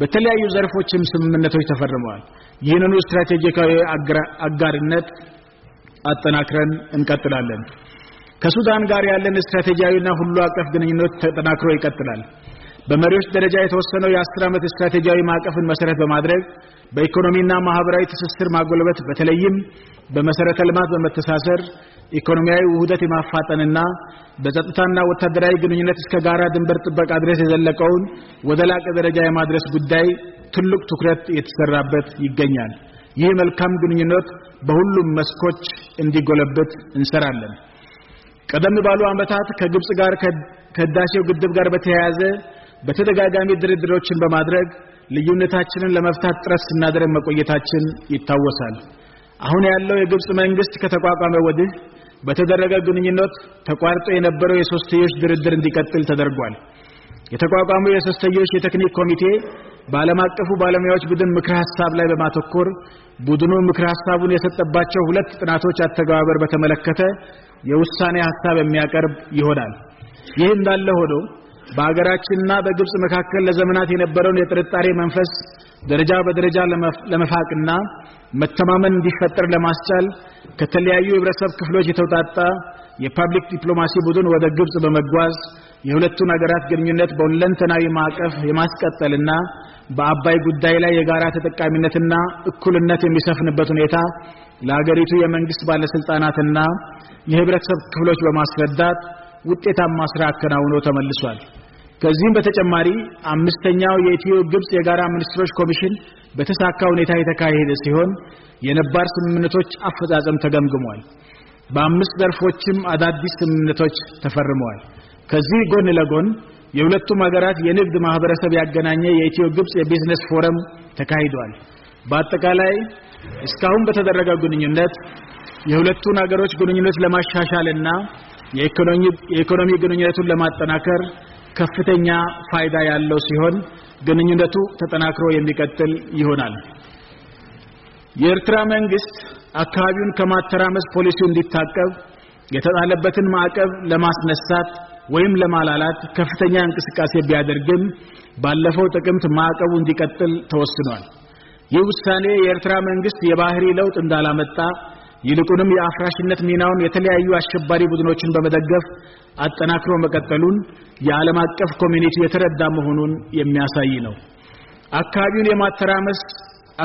Speaker 1: በተለያዩ ዘርፎችም ስምምነቶች ተፈርመዋል። ይህንኑ ስትራቴጂካዊ አጋርነት አጠናክረን እንቀጥላለን። ከሱዳን ጋር ያለን ስትራቴጂያዊና ሁሉ አቀፍ ግንኙነት ተጠናክሮ ይቀጥላል። በመሪዎች ደረጃ የተወሰነው የአስር ዓመት ስትራቴጂያዊ ማዕቀፍን መሰረት በማድረግ በኢኮኖሚና ማህበራዊ ትስስር ማጎልበት በተለይም በመሰረተ ልማት በመተሳሰር ኢኮኖሚያዊ ውህደት የማፋጠንና በጸጥታና ወታደራዊ ግንኙነት እስከ ጋራ ድንበር ጥበቃ ድረስ የዘለቀውን ወደ ላቀ ደረጃ የማድረስ ጉዳይ ትልቅ ትኩረት የተሰራበት ይገኛል። ይህ መልካም ግንኙነት በሁሉም መስኮች እንዲጎለበት እንሰራለን። ቀደም ባሉ ዓመታት ከግብጽ ጋር ከህዳሴው ግድብ ጋር በተያያዘ በተደጋጋሚ ድርድሮችን በማድረግ ልዩነታችንን ለመፍታት ጥረት ስናደረግ መቆየታችን ይታወሳል። አሁን ያለው የግብጽ መንግስት ከተቋቋመ ወዲህ በተደረገ ግንኙነት ተቋርጦ የነበረው የሶስትዮሽ ድርድር እንዲቀጥል ተደርጓል። የተቋቋመው የሶስትዮሽ የቴክኒክ ኮሚቴ በዓለም አቀፉ ባለሙያዎች ቡድን ምክር ሀሳብ ላይ በማተኮር ቡድኑ ምክር ሐሳቡን የሰጠባቸው ሁለት ጥናቶች አተገባበር በተመለከተ የውሳኔ ሀሳብ የሚያቀርብ ይሆናል። ይህ እንዳለ ሆኖ በሀገራችንና በግብጽ መካከል ለዘመናት የነበረውን የጥርጣሬ መንፈስ ደረጃ በደረጃ ለመፋቅና መተማመን እንዲፈጠር ለማስቻል ከተለያዩ የህብረተሰብ ክፍሎች የተውጣጣ የፐብሊክ ዲፕሎማሲ ቡድን ወደ ግብጽ በመጓዝ የሁለቱን ሀገራት ግንኙነት በሁለንተናዊ ማዕቀፍ የማስቀጠልና በአባይ ጉዳይ ላይ የጋራ ተጠቃሚነትና እኩልነት የሚሰፍንበት ሁኔታ ለሀገሪቱ የመንግስት ባለስልጣናትና የህብረተሰብ ክፍሎች በማስረዳት ውጤታማ ስራ አከናውኖ ተመልሷል። ከዚህም በተጨማሪ አምስተኛው የኢትዮ ግብጽ የጋራ ሚኒስትሮች ኮሚሽን በተሳካ ሁኔታ የተካሄደ ሲሆን የነባር ስምምነቶች አፈጻጸም ተገምግሟል። በአምስት ዘርፎችም አዳዲስ ስምምነቶች ተፈርመዋል። ከዚህ ጎን ለጎን የሁለቱም ሀገራት የንግድ ማህበረሰብ ያገናኘ የኢትዮ ግብጽ የቢዝነስ ፎረም ተካሂዷል። በአጠቃላይ እስካሁን በተደረገው ግንኙነት የሁለቱን ሀገሮች ግንኙነት ለማሻሻልና የኢኮኖሚ ግንኙነቱን ለማጠናከር ከፍተኛ ፋይዳ ያለው ሲሆን ግንኙነቱ ተጠናክሮ የሚቀጥል ይሆናል። የኤርትራ መንግስት አካባቢውን ከማተራመስ ፖሊሲው እንዲታቀብ የተጣለበትን ማዕቀብ ለማስነሳት ወይም ለማላላት ከፍተኛ እንቅስቃሴ ቢያደርግም ባለፈው ጥቅምት ማዕቀቡ እንዲቀጥል ተወስኗል። ይህ ውሳኔ የኤርትራ መንግስት የባህሪ ለውጥ እንዳላመጣ ይልቁንም የአፍራሽነት ሚናውን የተለያዩ አሸባሪ ቡድኖችን በመደገፍ አጠናክሮ መቀጠሉን የዓለም አቀፍ ኮሚኒቲ የተረዳ መሆኑን የሚያሳይ ነው። አካባቢውን የማተራመስ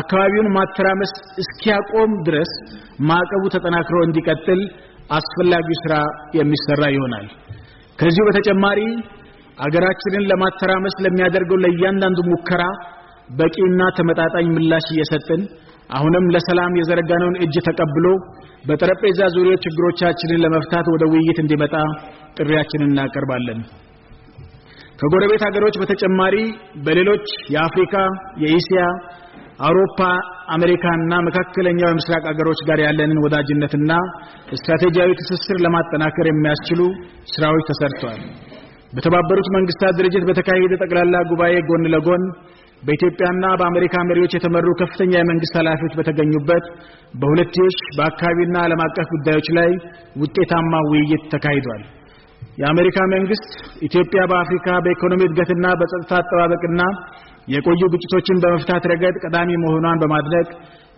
Speaker 1: አካባቢውን ማተራመስ እስኪያቆም ድረስ ማዕቀቡ ተጠናክሮ እንዲቀጥል አስፈላጊው ስራ የሚሰራ ይሆናል። ከዚሁ በተጨማሪ አገራችንን ለማተራመስ ለሚያደርገው ለእያንዳንዱ ሙከራ በቂና ተመጣጣኝ ምላሽ እየሰጥን አሁንም ለሰላም የዘረጋነውን እጅ ተቀብሎ በጠረጴዛ ዙሪያ ችግሮቻችንን ለመፍታት ወደ ውይይት እንዲመጣ ጥሪያችንን እናቀርባለን። ከጎረቤት ሀገሮች በተጨማሪ በሌሎች የአፍሪካ፣ የኢሲያ፣ አውሮፓ፣ አሜሪካና መካከለኛው የምስራቅ ሀገሮች ጋር ያለንን ወዳጅነትና ስትራቴጂያዊ ትስስር ለማጠናከር የሚያስችሉ ስራዎች ተሰርተዋል። በተባበሩት መንግስታት ድርጅት በተካሄደ ጠቅላላ ጉባኤ ጎን ለጎን በኢትዮጵያና በአሜሪካ መሪዎች የተመሩ ከፍተኛ የመንግስት ኃላፊዎች በተገኙበት በሁለትዮሽ በአካባቢና ዓለም አቀፍ ጉዳዮች ላይ ውጤታማ ውይይት ተካሂዷል። የአሜሪካ መንግስት ኢትዮጵያ በአፍሪካ በኢኮኖሚ እድገትና በጸጥታ አጠባበቅና የቆዩ ግጭቶችን በመፍታት ረገድ ቀዳሚ መሆኗን በማድነቅ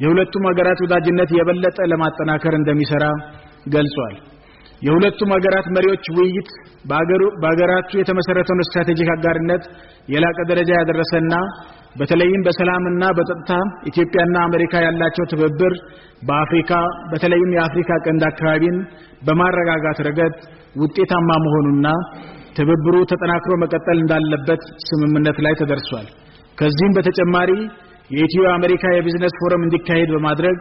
Speaker 1: የሁለቱም ሀገራት ወዳጅነት የበለጠ ለማጠናከር እንደሚሰራ ገልጿል። የሁለቱም ሀገራት መሪዎች ውይይት በሀገራቱ የተመሰረተውን ስትራቴጂክ አጋርነት የላቀ ደረጃ ያደረሰና በተለይም በሰላምና በጸጥታ ኢትዮጵያና አሜሪካ ያላቸው ትብብር በአፍሪካ በተለይም የአፍሪካ ቀንድ አካባቢን በማረጋጋት ረገድ ውጤታማ መሆኑና ትብብሩ ተጠናክሮ መቀጠል እንዳለበት ስምምነት ላይ ተደርሷል። ከዚህም በተጨማሪ የኢትዮ አሜሪካ የቢዝነስ ፎረም እንዲካሄድ በማድረግ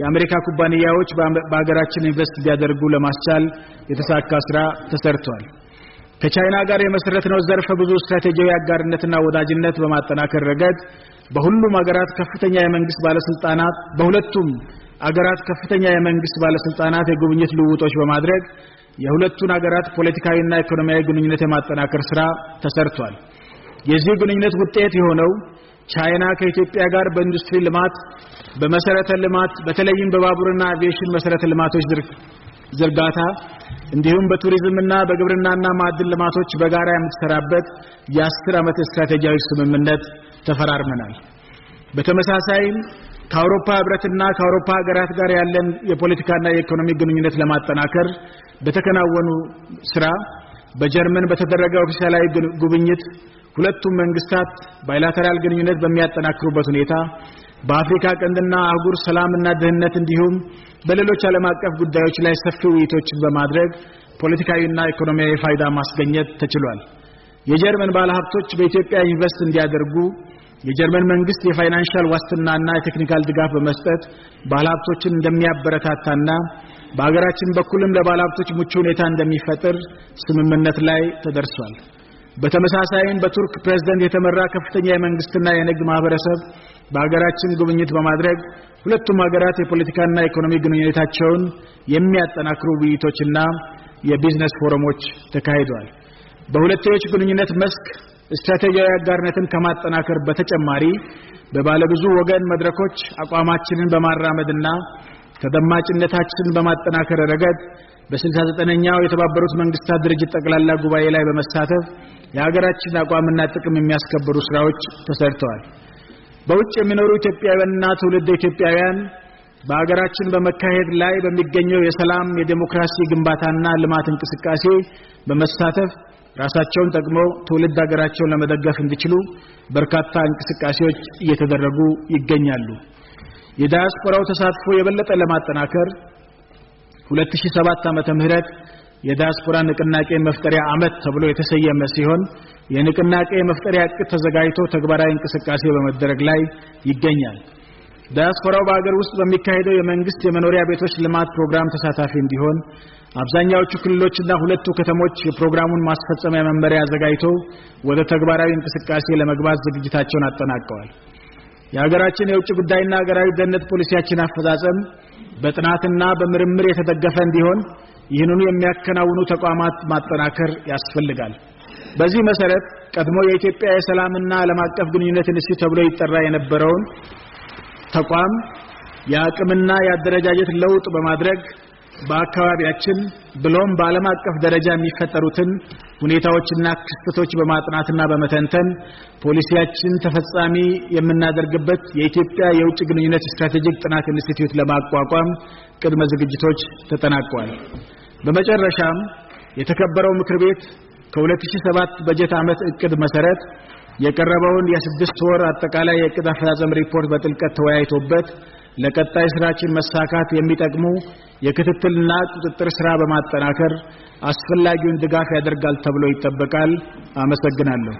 Speaker 1: የአሜሪካ ኩባንያዎች በሀገራችን ኢንቨስት እንዲያደርጉ ለማስቻል የተሳካ ስራ ተሰርቷል። ከቻይና ጋር የመሰረትነው ዘርፈ ብዙ ስትራቴጂያዊ አጋርነትና ወዳጅነት በማጠናከር ረገድ በሁሉም አገራት ከፍተኛ የመንግስት ባለስልጣናት በሁለቱም አገራት ከፍተኛ የመንግስት ባለስልጣናት የጉብኝት ልውጦች በማድረግ የሁለቱን አገራት ፖለቲካዊና ኢኮኖሚያዊ ግንኙነት የማጠናከር ስራ ተሰርቷል። የዚህ ግንኙነት ውጤት የሆነው ቻይና ከኢትዮጵያ ጋር በኢንዱስትሪ ልማት፣ በመሰረተ ልማት በተለይም በባቡርና አቪዬሽን መሰረተ ልማቶች ዝርጋታ እንዲሁም በቱሪዝምና በግብርናና ማዕድን ልማቶች በጋራ የምትሰራበት የአስር ዓመት ስትራቴጂያዊ ስምምነት ተፈራርመናል። በተመሳሳይም ከአውሮፓ ህብረትና ከአውሮፓ ሀገራት ጋር ያለን የፖለቲካና የኢኮኖሚ ግንኙነት ለማጠናከር በተከናወኑ ስራ በጀርመን በተደረገ ኦፊሴላዊ ጉብኝት ሁለቱም መንግስታት ባይላተራል ግንኙነት በሚያጠናክሩበት ሁኔታ በአፍሪካ ቀንድና አህጉር ሰላምና ድህነት እንዲሁም በሌሎች ዓለም አቀፍ ጉዳዮች ላይ ሰፊ ውይይቶችን በማድረግ ፖለቲካዊና ኢኮኖሚያዊ ፋይዳ ማስገኘት ተችሏል። የጀርመን ባለሀብቶች በኢትዮጵያ ኢንቨስት እንዲያደርጉ የጀርመን መንግስት የፋይናንሻል ዋስትናና የቴክኒካል ድጋፍ በመስጠት ባለሀብቶችን እንደሚያበረታታና በሀገራችን በኩልም ለባለሀብቶች ምቹ ሁኔታ እንደሚፈጥር ስምምነት ላይ ተደርሷል። በተመሳሳይም በቱርክ ፕሬዝደንት የተመራ ከፍተኛ የመንግስትና የንግድ ማህበረሰብ በሀገራችን ጉብኝት በማድረግ ሁለቱም ሀገራት የፖለቲካና የኢኮኖሚ ግንኙነታቸውን የሚያጠናክሩ ውይይቶችና የቢዝነስ ፎረሞች ተካሂደዋል። በሁለትዮሽ ግንኙነት መስክ ስትራቴጂያዊ አጋርነትን ከማጠናከር በተጨማሪ በባለብዙ ወገን መድረኮች አቋማችንን በማራመድና ተደማጭነታችን በማጠናከር ረገድ በ69ኛው የተባበሩት መንግስታት ድርጅት ጠቅላላ ጉባኤ ላይ በመሳተፍ የሀገራችን አቋምና ጥቅም የሚያስከብሩ ስራዎች ተሰርተዋል። በውጭ የሚኖሩ ኢትዮጵያውያንና ትውልደ ኢትዮጵያውያን በሀገራችን በመካሄድ ላይ በሚገኘው የሰላም የዴሞክራሲ ግንባታና ልማት እንቅስቃሴ በመሳተፍ ራሳቸውን ጠቅመው ትውልድ ሀገራቸውን ለመደገፍ እንዲችሉ በርካታ እንቅስቃሴዎች እየተደረጉ ይገኛሉ። የዳያስፖራው ተሳትፎ የበለጠ ለማጠናከር 2007 ዓመተ ምህረት የዳያስፖራ ንቅናቄ መፍጠሪያ ዓመት ተብሎ የተሰየመ ሲሆን የንቅናቄ መፍጠሪያ ዕቅድ ተዘጋጅቶ ተግባራዊ እንቅስቃሴ በመደረግ ላይ ይገኛል። ዳያስፖራው በአገር ውስጥ በሚካሄደው የመንግስት የመኖሪያ ቤቶች ልማት ፕሮግራም ተሳታፊ እንዲሆን አብዛኛዎቹ ክልሎችና ሁለቱ ከተሞች የፕሮግራሙን ማስፈጸሚያ መመሪያ አዘጋጅተው ወደ ተግባራዊ እንቅስቃሴ ለመግባት ዝግጅታቸውን አጠናቀዋል። የሀገራችን የውጭ ጉዳይና ሀገራዊ ደህንነት ፖሊሲያችን አፈጻጸም በጥናትና በምርምር የተደገፈ እንዲሆን ይህንኑ የሚያከናውኑ ተቋማት ማጠናከር ያስፈልጋል። በዚህ መሰረት ቀድሞ የኢትዮጵያ የሰላምና ዓለም አቀፍ ግንኙነት ኢንስቲትዩት ተብሎ ይጠራ የነበረውን ተቋም የአቅምና የአደረጃጀት ለውጥ በማድረግ በአካባቢያችን ብሎም በዓለም አቀፍ ደረጃ የሚፈጠሩትን ሁኔታዎችና ክስተቶች በማጥናትና በመተንተን ፖሊሲያችን ተፈጻሚ የምናደርግበት የኢትዮጵያ የውጭ ግንኙነት ስትራቴጂክ ጥናት ኢንስቲትዩት ለማቋቋም ቅድመ ዝግጅቶች ተጠናቀዋል። በመጨረሻም የተከበረው ምክር ቤት ከ2007 በጀት ዓመት እቅድ መሰረት የቀረበውን የስድስት ወር አጠቃላይ የእቅድ አፈጻጸም ሪፖርት በጥልቀት ተወያይቶበት ለቀጣይ ስራችን መሳካት የሚጠቅሙ የክትትልና ቁጥጥር ስራ በማጠናከር አስፈላጊውን ድጋፍ ያደርጋል ተብሎ ይጠበቃል። አመሰግናለሁ።